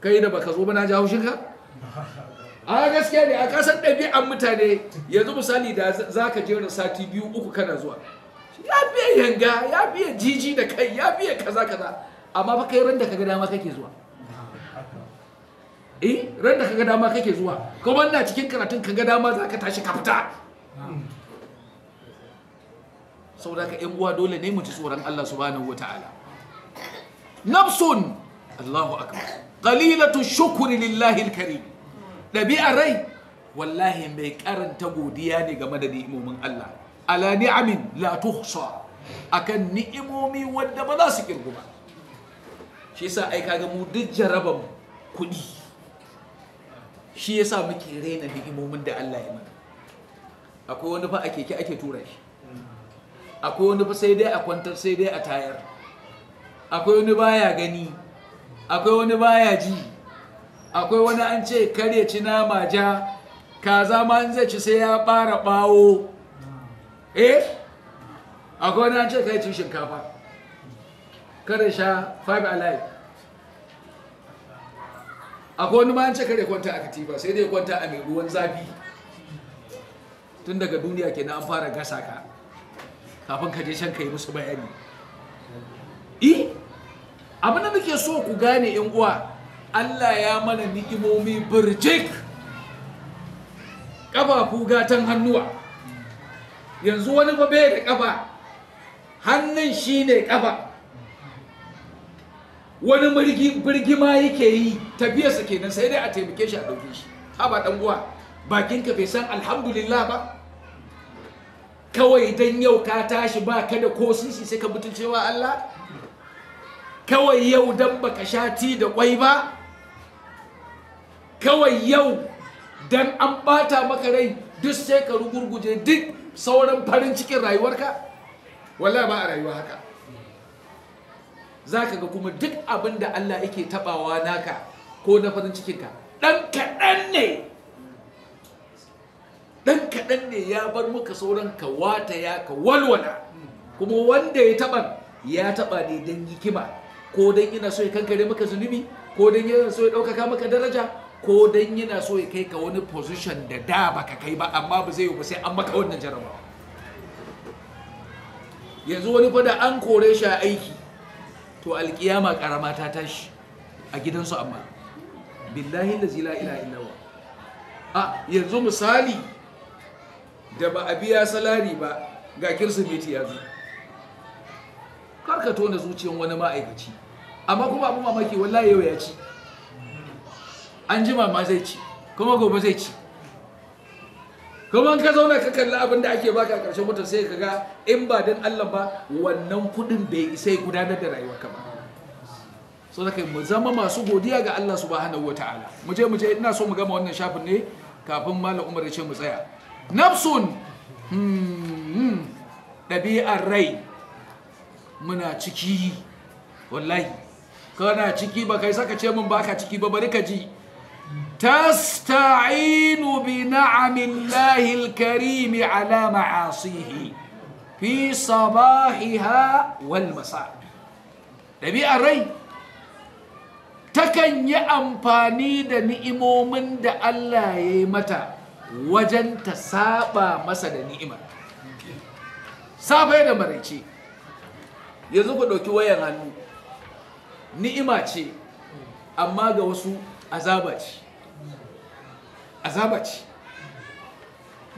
kai da baka zo ba na jawo ka a gaskiya ne a kasar ɗabi'an mutane yanzu misali da za ka jera sati biyu uku kana zuwa ya biya yanga ya biya jiji da kai ya biya kaza kaza amma fa kai ran da kaga dama kake zuwa eh randa kaga dama kake zuwa kuma ina cikin karatun kaga dama za ka tashi ka fita saboda ka yan uwa dole ne mu ci tsoron Allah subhanahu wataala nafsun Allahu akbar qalilatu shukri lillahi alkarim dabi'a rai wallahi mai karanta godiya ne game da ni'imomin Allah ala ni'amin la tuhsa akan ni'imomi wanda ba za su kirgu ba shi yasa ai kaga mu duk jaraban kuɗi shi yasa muke raina ni'imomin da Allah ya mana akwai wani fa a keke ake tura shi akwai wani fa sai dai a kwantar sai dai a tayar akwai wani baya gani akwai wani baya ji akwai wani an ce karya ci nama ja kaza ma an zai ci sai ya fara bawo eh akwai wani an ce kai ci shinkafa kare sha five alive akwai wani ma an ce kare kwanta a katifa sai dai kwanta a mai ruwan zafi tun daga duniya kenan an fara gasa ka kafin ka je can ka yi musu bayani E, abin da muke so ku gane yan uwa Allah ya mana ni'imomi birjik ƙafafu gatan hannuwa yanzu wani ba bai da ƙafa hannun shi ne ƙafa wani birgima yake yi tafiyarsa kenan sai dai a taimake shi a ɗauke shi ha ba ɗan uwa bakinka bai san alhamdulillah ba kawai dan yau ka tashi ba ka da ko sisi sai ka mutuncewa Allah kawai yau dan baka sha ti da kwai ba kawai yau dan an bata maka rai duk sai ka rugurguje duk sauran farin cikin rayuwarka wallahi ba a rayuwa haka za ka ga kuma duk abin da Allah yake tabawa naka ko na farin cikinka ɗan kaɗan ne ɗan kaɗan ne ya bar muka sauran ka wata ya ka walwala kuma wanda ya taɓa ya taɓa ne don hikima ko don yana so ya kankare maka zunubi ko don yana so ya ɗaukaka maka daraja ko don yana so ya kai ka wani position da da baka kai ba amma ba zai yi ba sai an maka wannan jarabawa yanzu wani fa da an kore shi a aiki to alkiyama karama ta tashi a gidansu amma billahi la ilaha illa a yanzu misali da ba a biya salari ba ga kirsimeti ya zo karka tona zuciyar wani ma'aikaci amma kuma abu mamaki wallahi yau ya ci an jima ma zai ci kuma gobe zai ci kuma ka zauna ka kalli abin da ake baka a ƙarshen wata sai ka ga in ba don Allah ba wannan kuɗin bai isa gudanar da rayuwar ka ba so da kai mu zama masu godiya ga Allah subhanahu ta'ala mu je mu je ina so mu gama wannan shafin ne kafin malam Umar ya ce mu tsaya nafsun hmm, hmm. ɗabi'ar rai muna ciki wallahi kana ciki ba kai saka ce min ba ka ciki ba bari ka ji tasta'inu bi na'amillahi alkarimi ala ma'asihi fi sabahiha wal masa ɗabi'ar rai takan yi amfani da ni'imomin da Allah ya yi mata wajen ta saba masa da ni'imar safe da maraice yanzu ku ɗauki wayan hannu ni'ima ce amma ga wasu azaba ce azaba ce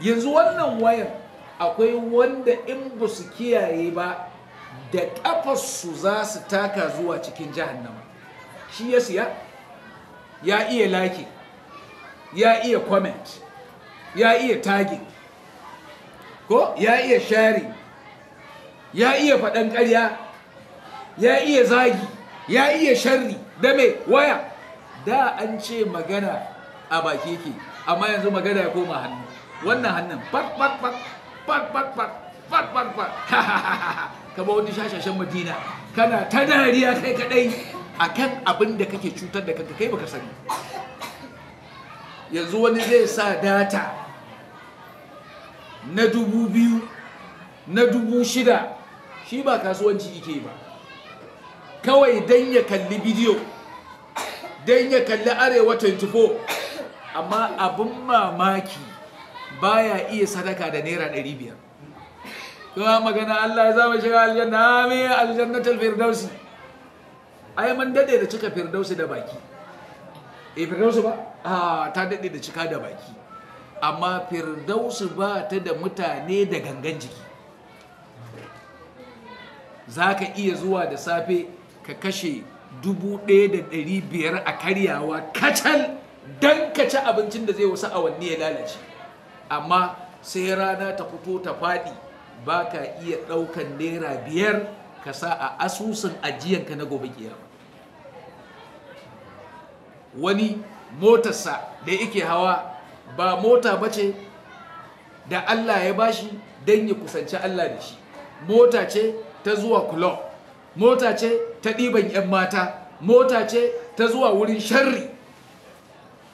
yanzu wannan wayan akwai wanda in ba su kiyaye ba da ƙafarsu za su taka zuwa cikin jahannama shi ya siya ya iya like ya iya comment ya iya tagi ko ya iya shari ya iya faɗan ƙarya ya iya zagi ya iya sharri da mai waya da an ce magana a baki ke amma yanzu magana ya koma hannu wannan hannun fat fat fat fat fat fat fat Ka kama wani shashashen madina kana ta dariya kai kadai kan abin da kake cutar da kanka kai baka sani yanzu wani zai sa data na dubu biyu na dubu shida shi ba kasuwanci ike ba kawai don ya kalli bidiyo don ya kalli arewa 24 amma abin mamaki baya iya sadaka da naira 500 kuma magana Allah ya zama shiga aljanna mai aljannatul firdausi ai man dade da cika firdausi da baki e firdausi ba a ah, ta dade da cika da baki amma firdausu ba ta da mutane da gangan jiki za ka iya zuwa da safe ka kashe dubu da biyar a karyawa kacal don ka ci abincin da zai wasu awanni ya lalace amma sai rana ta fito ta faɗi ba ka iya ɗaukan naira biyar ka sa a asusun ajiyanka na gobe kiyama wani motarsa da yake hawa ba mota bace da Allah ya bashi don ya kusanci Allah da shi mota ce ta zuwa kulob mota ce ta ɗiban 'yan mata mota ce ta zuwa wurin sharri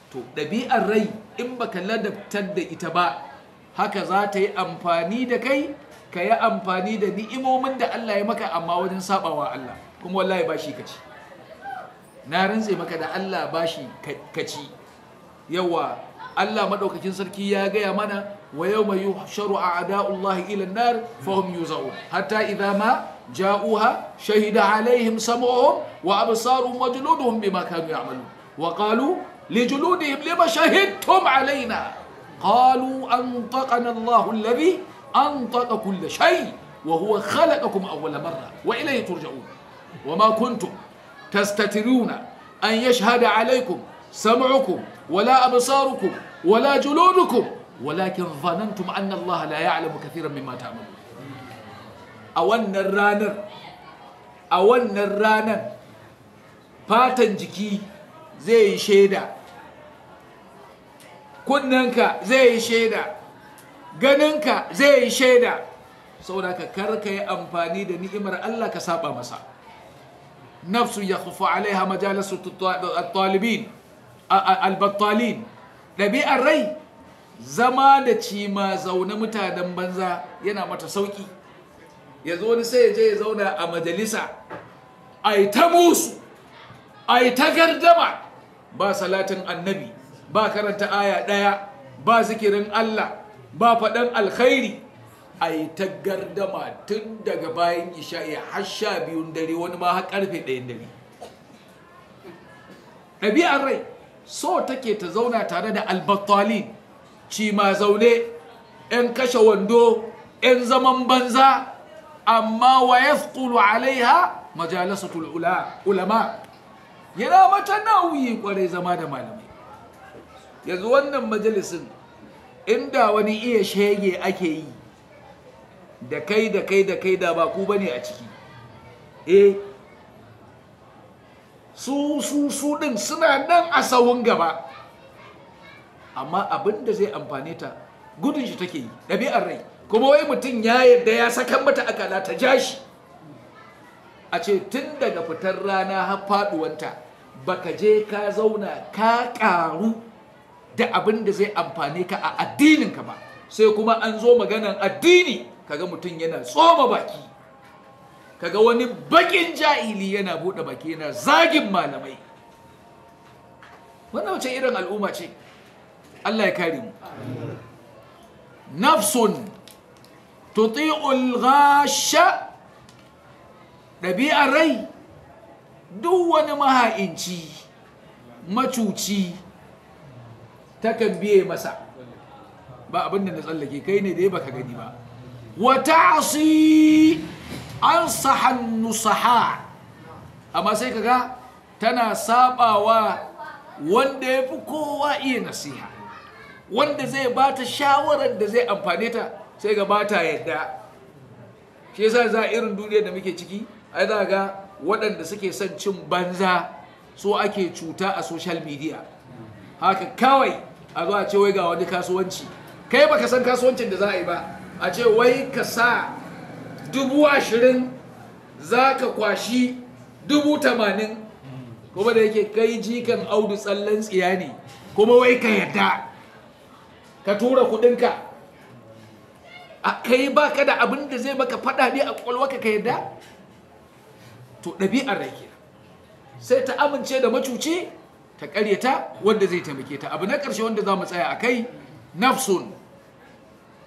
to ɗabi'ar rai in baka ladabtar da ita ba haka za ta yi amfani da kai ka yi amfani da ni'imomin da Allah ya maka amma wajen saɓawa Allah kuma wallahi bashi kaci na rantse maka da Allah bashi kaci yawa Allah madaukakin sarki ya gaya mana wa yawma yuhsharu a'da'ullahi ila an-nar fahum yuzaun hatta idza ma ja'uha shahida alaihim sam'uhum wa absaruhum wa juluduhum bima kanu ya'malun wa qalu لجلودهم لما شهدتم علينا قالوا أنطقنا الله الذي أنطق كل شيء وهو خلقكم أول مرة وإليه ترجعون وما كنتم تستترون أن يشهد عليكم سمعكم ولا أبصاركم ولا جلودكم ولكن ظننتم أن الله لا يعلم كثيرا مما تعملون أولنا الرانر أولنا الرانر فاتن جكي زي شيدا kunnanka zai yi shaida ganinka zai yi shaida saboda ka karka yi amfani da ni'imar Allah ka saba masa nafsu ya khufu alaiha majalisu talibin ɗabi'ar rai zama da cima zaune mutanen banza yana mata sauƙi ya zo ni sai ya je ya zauna a majalisa a yi ta musu a yi ta gardama ba salatin annabi ba karanta aya ɗaya ba zikirin Allah ba faɗan alkhairi a yi ta gardama tun daga bayan isha'i har sha biyun dare wani ma har ƙarfe ɗayan dare ɗabi'ar rai so take ta zauna tare da albattali ci ma zaune 'yan kashe wando 'yan zaman banza amma wa fukulu alaiha majalisatul ulama yana mata nauyi kwarai zama da malamai yanzu wannan majalisin inda wani iya shege ake yi da kai da kai da kai da ba ku bane a ciki eh su su su din suna nan a sawun gaba amma abin da zai amfane ta gudun shi take yi ɗabi'ar rai kuma wai mutum ya yarda ya saka mata akala ta ja shi a ce tun daga fitar rana har faɗuwanta baka je ka zauna ka ƙaru da abin da zai amfane ka a addininka ba sai kuma an zo maganan addini kaga mutum yana tsoma baki kaga wani bakin jahili yana buɗe baki yana zagin malamai wannan wace irin al'umma ce Allah ya kare mu nafsun tuti'ul ghasha ɗabi'a rai duk wani maha'inci macuci takan biye masa ba abin da na tsallake kai ne da ya baka gani ba wata asi ansaha nusaha amma sai kaga tana sabawa wanda ya fi kowa iya nasiha wanda zai bata shawaran shawarar da zai amfani ta sai ga bata yadda shi yasa za irin duniyar da muke ciki ai za ga waɗanda suke son cin banza so ake cuta a social media haka kawai a zo a ce wai ga wani kasuwanci kai baka san kasuwancin da za a yi ba a ce wai ka sa dubu ashirin za ka kwashi dubu tamanin kuma da yake kai jikan audu tsallan tsiya ne kuma wai ka yadda ka tura kudinka a kai ba ka da abin da zai baka fada ne a kwalwaka ka yadda to ɗabi'ar rai ke. sai ta amince da macuci ta ƙaryata wanda zai taimake ta abu na ƙarshe wanda za mu tsaya a kai nafsun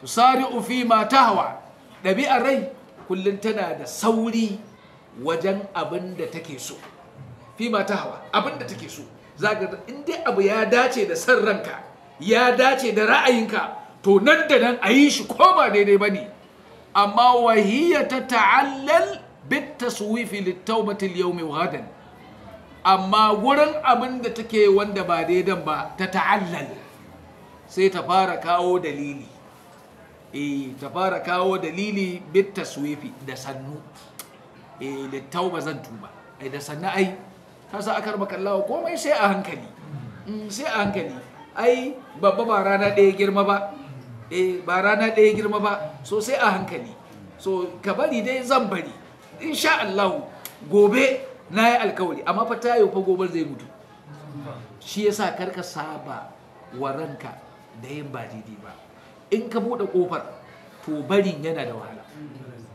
tusari'u fi ma hawa ɗabi'ar rai kullum tana da sauri wajen abin da take so fi ta hawa abin da take so zaga in dai abu ya dace da san ranka ya dace da ra'ayinka to nan da nan a yi shi ko ba daidai ba ne amma wahiyya ta ta'allal bit taswifi littaubati al-yawmi ghadan amma gurin abin da take wanda ba daidan ba ta ta'allal sai ta fara kawo dalili eh ta fara kawo dalili bit taswifi da sannu Da eh, tauba zan tuba ai da sannu ai ta sa akar makallawa komai sai a hankali mm, sai a hankali ai babba ba rana ɗaya girma ba eh ba rana ɗaya girma ba so sai a hankali so ka bari dai zan bari insha Allah gobe na yi alkawari amma fa tayo fa gobe zai mutu shi yasa karka saba wa ranka da yin ba daidai ba in ka buɗe ƙofar to barin yana da wahala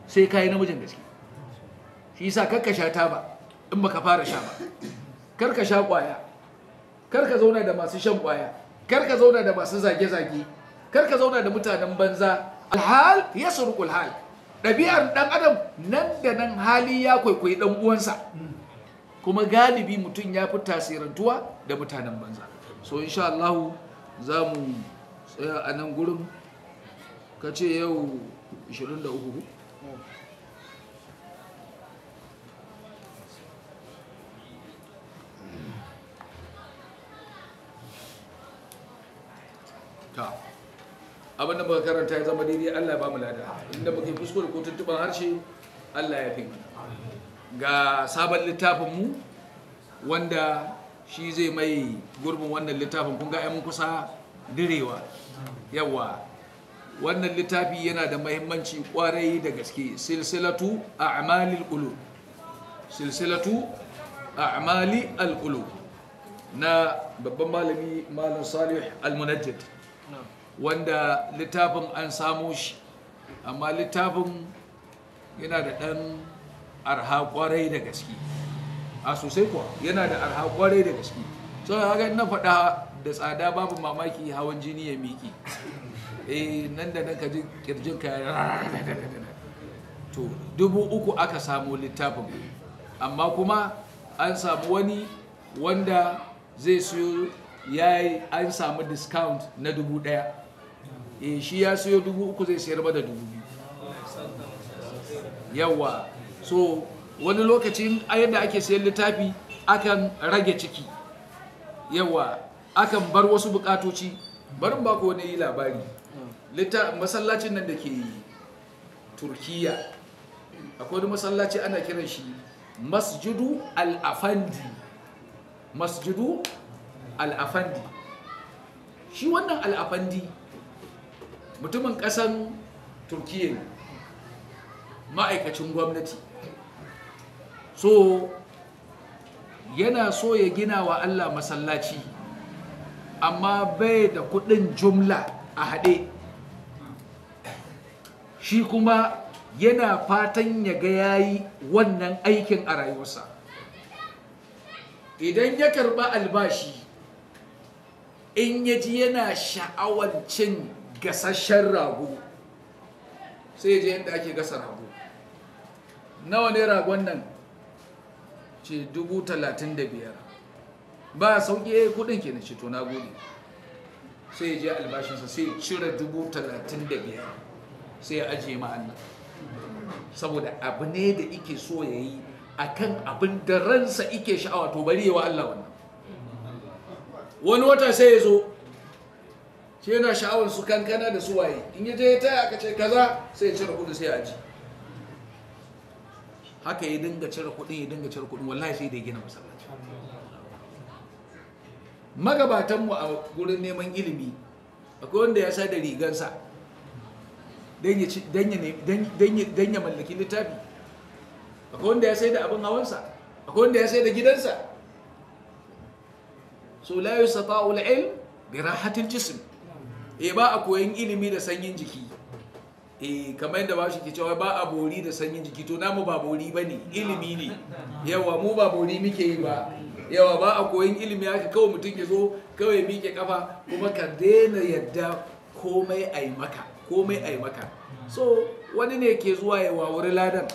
sai ka yi namijin gaske shi yasa karka sha taba in baka fara sha ba karka sha ƙwaya karka zauna da masu shan ƙwaya karka zauna da masu zage-zage karka zauna da mutanen banza alhal ya surukul hal ɗabi'ar ɗan adam nan da nan hali ya kwaikwayi ɗan uwansa kuma galibi mutum ya fi tasirantuwa da mutanen banza so insha Allah za mu tsaya a nan gurin ka ce yau 23 ta abinda muka karanta ya zama daidai allah ba mu lada inda muka yi ko tuntuban harshe allah ya fi ga sabon littafinmu wanda shi zai mai gurbin wannan littafin kun ga 'yan kusa direwa yawa wannan littafi yana da mahimmanci kwarai da gaske silsilatu a'malil qulub silsilatu a'mali al-qulub na babban malami malam salih al-munajjid wanda littafin an samu shi amma littafin yana da ɗan arha kwarai da gaske a sosai kuwa yana da arha kwarai da gaske so haka na faɗa da tsada babu mamaki hawan jini ya miki eh nan da nan ka ji kirjin ka to dubu uku aka samu littafin amma kuma an samu wani wanda zai siyo ya yi an samu discount na dubu daya e eh, shi ya siyo dubu uku zai sayar ba da dubu biyu yawa so wani lokacin a yadda ake sayan littafi akan rage ciki yawa akan bar wasu bukatoci barin ba ku wani labari masallacin nan da ke turkiya akwai wani masallaci ana kiran shi masjidu al masjidu al shi wannan al'afandi mutumin kasan turkiya ne ma'aikacin gwamnati so yana so ya gina wa allah masallaci amma bai da kudin jumla a haɗe shi kuma yana fatan ya ga yayi wannan aikin a rayuwarsa idan ya karba albashi in ya ji yana sha'awar cin gasashen rago sai ya je yadda ake gasa rago nawa ne ragon nan ce dubu talatin da ba sauƙi ya eh, yi kudin ke na ce to na gode sai ya je albashinsa sai ya cire dubu talatin biyar sai ya ajiye ma Allah saboda abu ne da ike so ya yi a kan abin da ransa ike sha'awa to bari yawa Allah wannan wani wata sai ya zo ce yana sha'awar su kankana da su waye in ya je ya taya aka ce kaza sai ya cire kudu sai ya aji haka ya dinga cire kudu ya dinga cire kudu wallahi sai da gina masallaci magabatanmu a gurin neman ilimi akwai wanda ya sa da rigansa don ya mallaki littafi akwai wanda ya sai da abin hawansa akwai wanda ya sai da gidansa so layu yi sata ul'il bi rahatin jisim e eh, ba a koyan ilimi da sanyin jiki e kamar yadda ba shi ke cewa ba a bori da sanyin jiki to namu ba bori ba ne ilimi ne yawa mu ba bori muke yi ba yawa ba a koyan ilimi haka kawai mutum ya zo kawai miƙe kafa kuma ka daina yadda komai a yi maka komai a yi maka so wani ne ke zuwa ya wawuri ladan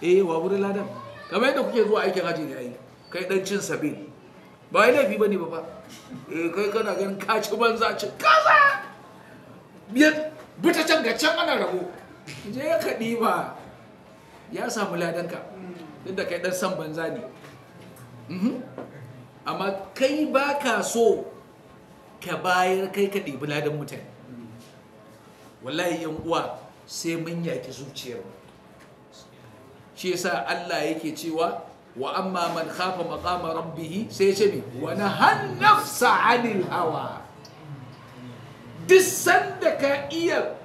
eh wawuri ladan kamar yadda kuke zuwa aikin hajji ne yi kai dan cin sabin ba yi laifi ba ne ba fa eh kai kana gan kaci banza ci kaza biyan buta can ga can ana rabo je kaɗi ba ya samu ladanka inda kai dan san banza ne mhm. amma kai ba ka so ka bayar kai ka ɗibi ladan mutane wallahi yan uwa sai mun yaki zuciyar shi yasa Allah yake cewa wa amma man khafa maqama rabbih sai ce mi wa nahan nafsa anil hawa duk sanda ka iya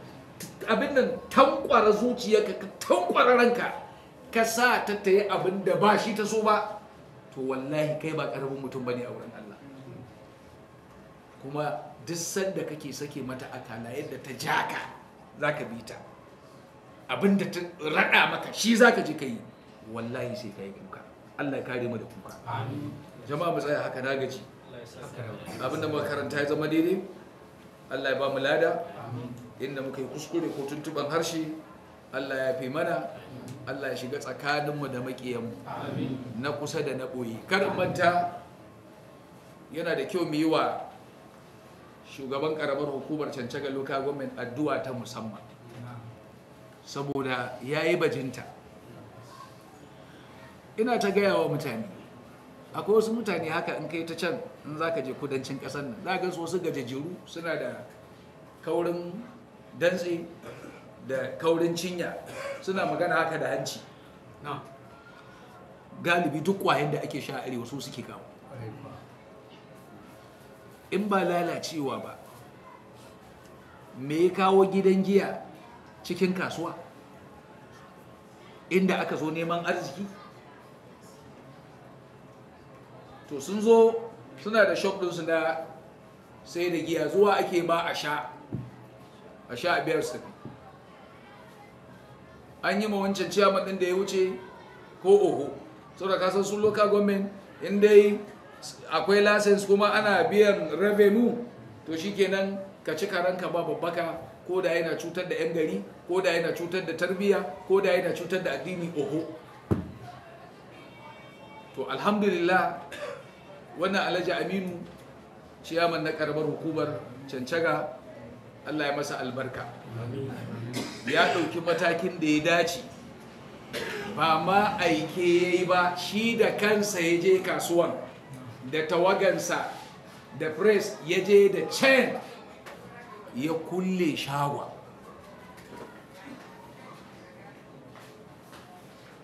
abin nan tankwara zuciyarka ka tankwara ranka ka sa ta ta yi abin da ba shi ta so ba to wallahi kai ba karamin mutum bane a wurin Allah kuma duk sanda kake sake mata akala yadda ta jaka ka bi ta abinda ta rada maka shi zaka je kai wallahi sai kai kuka Allah ya kare mu da kuka amin jama'a mu tsaya haka na gaji abinda muka karanta ya zama daidai Allah ya ba mu lada inda muka yi kuskure ko tuntuban harshe Allah ya fi mana Allah ya shiga tsakanin mu da makiyan mu. na kusa da na ɓoye karin manta yana da kyau mu yi wa shugaban karamar hukumar cancaga local government addu'a ta musamman saboda ya yi bajinta ina ta gaya wa mutane akwai wasu mutane haka in kai ta can in za ka je kudancin ƙasar nan za ga su wasu gajajiru suna da kaurin dantse da kaurin cinya suna magana haka da hanci galibi duk kwayan da ake sha arewa su suke kawo in ba lalacewa ba me ya kawo gidan giya cikin kasuwa inda aka zo neman arziki to sun zo suna da shop ɗinsu na sai da giya zuwa ake ma a sha a sha biyar su an yi ma wancan ciyaman ɗin da ya wuce ko oho saboda kasan sun local government in dai akwai lasens kuma ana biyan revenue to shikenan ka ci karanka ba babbaka ko da yana cutar da 'yan gari ko da yana cutar da tarbiyya ko da yana cutar da addini oho to alhamdulillah wannan alhaji aminu ciyaman na karamar hukumar cancaga allah ya masa albarka ya ɗauki matakin da ya dace ba ma aike ya yi ba shi da kansa ya je kasuwan da tawagansa da press ya je da chain ya kulle shawa.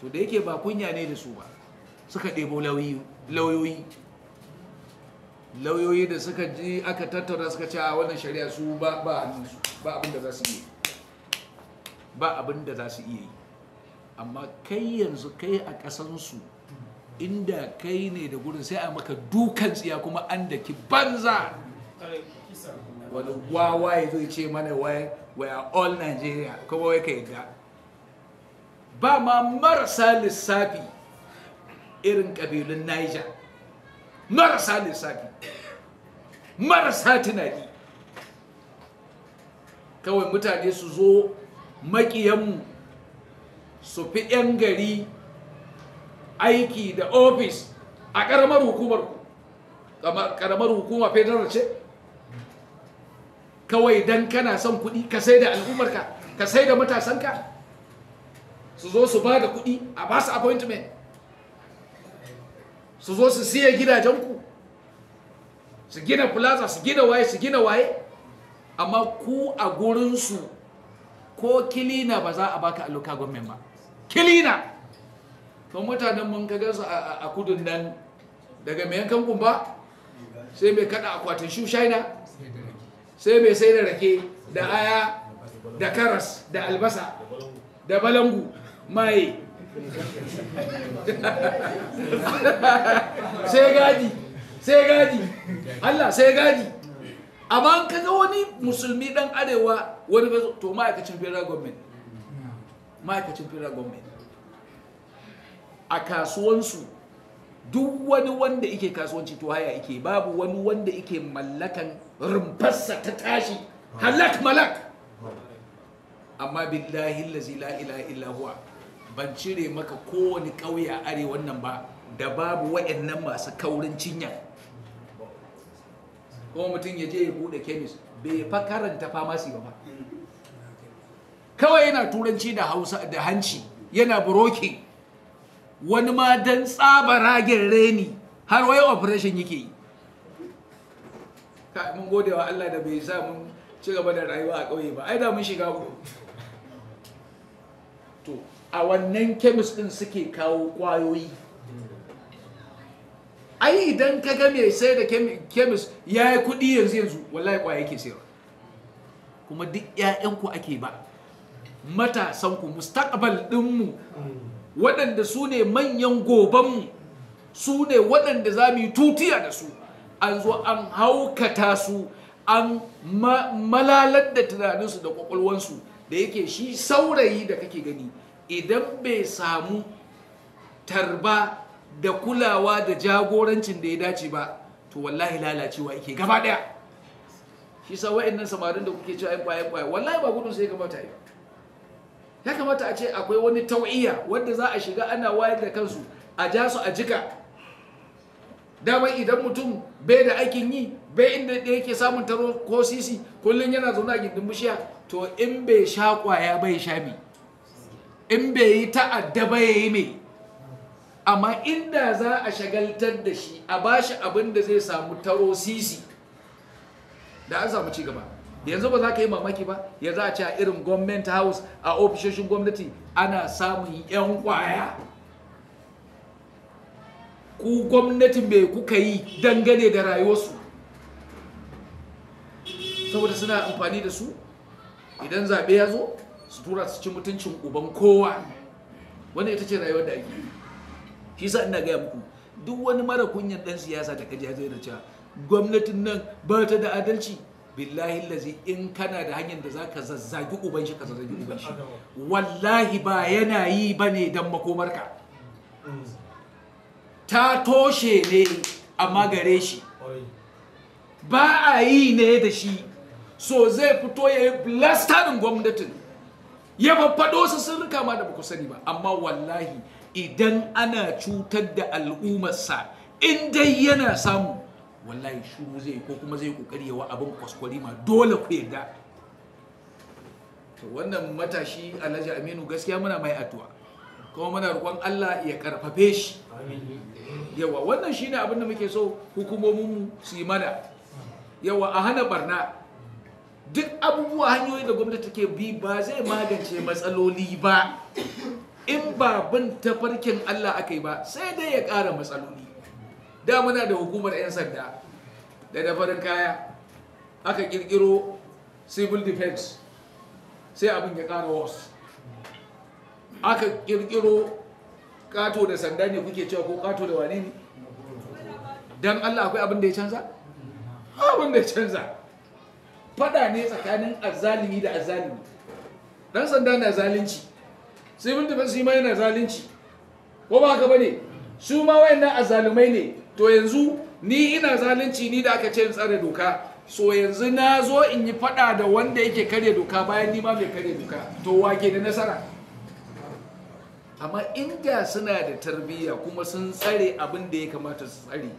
to da yake ba kunya ne da su ba suka ɗebo lauyoyi lauyoyi da suka ji aka tattara suka ci a wannan shari'a su ba hannunsu ba abin da za su iya ba abin da za su iya yi amma kai yanzu kai a ƙasansu inda kai ne da gurin sai a maka dukan tsiya kuma an da ki banza wani wawaye zai ce mana wai we are all nigeria kuma waya ka ga ba ma marasa lissafi irin ƙabilun niger marasa lissafi marasa tunani kawai mutane su zo makiyanmu su fi 'yan gari aiki da ofis a ƙaramar hukumar ku ƙaramar hukuma federal ce kawai dan kana son kuɗi ka sai da al'ummarka ka sai da matasanka su zo su ba da kuɗi a ba su appointment su zo su siya gidajenku su gina plaza su gina waye su gina waye amma ku a gurinsu ko kilina ba za a baka alloka gwamnan ba kilina to mutanen mun kaga su a kudun nan daga mai yankan kumba sai mai kada akwatin shu shaina sai mai sai da rake da aya da karas da albasa da balangu maye sai gadi sai gadi Allah sai gadi amma ka ga wani musulmi dan arewa wani to ma'aikacin federal government ma'aikacin federal government a kasuwansu duk wani wanda ike kasuwanci to haya ike babu wani wanda ike mallakan rumfarsa ta tashi halak malak amma billahi allazi la ilaha illa huwa ban cire maka kowane ƙauye a arewan nan ba da babu nan masu kaurin cinya Kuma mutum ya je ya bude kemis bai fa karanta famasi ba kawai yana turanci da da hanci yana broking wani ma don tsaba ragen reni har wai operation yake yi mun gode wa Allah da bai sa mun ci gaba da rayuwa a ƙauye ba ai da mun shiga ku to a wannan kemis din suke kawo kwayoyi. ai idan ka ga mai sai da kemis ya yi kuɗi yanzu yanzu wallahi ƙwaya yake sayarwa kuma duk 'ya'yanku ake ba matasanku mustaqbal ɗinmu waɗanda su ne manyan gobanmu su ne waɗanda za mu yi tutiya da su an zo an haukata su an malalar da tunaninsu da ƙwaƙwalwansu da yake shi saurayi da kake gani idan bai samu tarba da kulawa da jagorancin da ya dace ba to wallahi lalacewa yake gaba ɗaya shi sa wa'annan samarin da kuke cewa ai kwaye kwaye wallahi ba gudun sai ta yi ya kamata a ce akwai wani tau'iya wanda za a shiga ana wayar da kansu a ja su a jika damar idan mutum bai da aikin yi bai inda da yake samun taro ko sisi kullum yana zaune a gindin bishiya to in bai sha kwaya bai sha mi in bai yi ta'adda bai yi mai amma inda za a shagaltar da shi a bashi abin da zai samu taro sisi da an samu cigaba yanzu ba za ka yi mamaki ba ya za a ce a irin government house a ofisoshin gwamnati ana samun 'yan kwaya ku gwamnati mai kuka yi dangane da rayuwarsu saboda suna amfani da su idan zaɓe ya zo su tura su ci mutuncin uban kowa Wani ita ce rayuwar da ake shi sa ina gaya muku duk wani mara kunyan ɗan siyasa da kaji zai da cewa gwamnatin nan ba ta da adalci billahi lazi in kana da hanyar da zaka zazzagi uban shi ka zazzagi uban shi wallahi ba yana yi bane dan makomarka ta toshe ne amma gare shi ba a yi ne da shi so zai fito ya yi blastarin gwamnatin ya faɗo su sun rika ma da ba ku sani ba amma wallahi idan ana cutar da al'ummarsa in dai yana samu wallahi shuru zai ko kuma zai kokari yawa abin kwaskwari ma dole ku yarda. to wannan matashi Alhaji Aminu gaskiya muna mai atuwa kuma muna roƙon Allah ya karfafe shi yawa wannan shine abin da muke so hukumomin mu su yi mana yawa a hana barna duk abubuwa hanyoyi da gwamnati take bi ba zai magance matsaloli ba in ba bin tafarkin Allah aka yi ba sai dai ya ƙara matsaloli da muna da hukumar 'yan sanda da da farin kaya aka kirkiro civil defense sai abin ya kara wasu aka kirkiro kato da sanda ne kuke cewa ko kato da wane ne don allah akwai abin da ya canza abin da ya canza fada ne tsakanin azalimi da azalimi dan sanda na zalunci civil defense ma yana zalunci ko ba haka ba ne su ma wayannan azalumai ne to yanzu ni ina zalunci ni da aka ce in tsare doka so yanzu na zo in yi fada da wanda yake karya doka bayan ni ma mai kare doka to ke da nasara amma inda suna da tarbiyya kuma sun tsare abin da ya kamata su tsare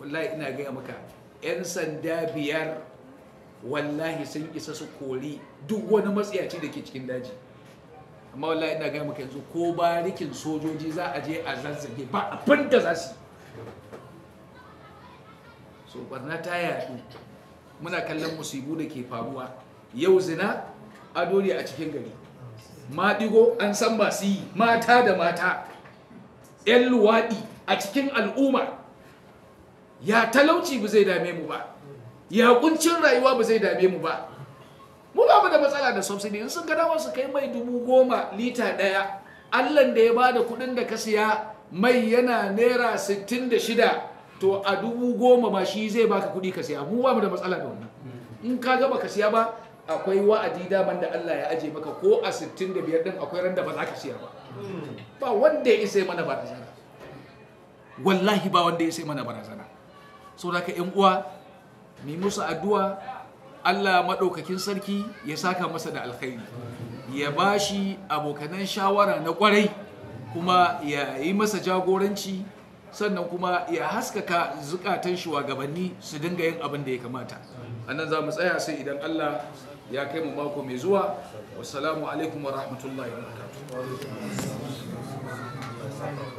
wallahi ina gaya maka 'yan sanda biyar wallahi sun isa su kori duk wani matsiyaci da ke cikin daji amma wallahi ina gaya maka yanzu ko barikin sojoji za a je a zazzage ba abin da za su yi so barna ta yaɗu muna kallon musibu da ke faruwa yau zina ado ne a cikin gari maɗigo an san ba su yi mata da mata 'yan luwaɗi a cikin al'umma ya talauci ba zai dame mu ba ya kuncin rayuwa ba zai dame mu ba mu ba da matsala da subsidi in sun gada wasu kai mai dubu goma lita ɗaya allan da ya ba da kuɗin da ka siya mai yana naira sittin da shida to a dubu goma ma shi zai baka kuɗi ka siya mu ba mu da matsala da wannan in ka ga baka siya ba akwai wa'adi daman da Allah ya aje maka ko a 65 din akwai ran da ba za ka siya ba ba wanda ya sai mana barazana wallahi ba wanda ya sai mana barazana so da ka yan uwa mu musu addu'a Allah madaukakin sarki ya saka masa da alkhairi ya bashi abokanan shawara na kwarai kuma ya yi masa jagoranci sannan kuma ya haskaka zukatan shugabanni su dinga yin abin da ya kamata annan za mu tsaya sai idan Allah ya kai mu mako mai zuwa wassalamu alaikum warahmatullahi wabarakatuh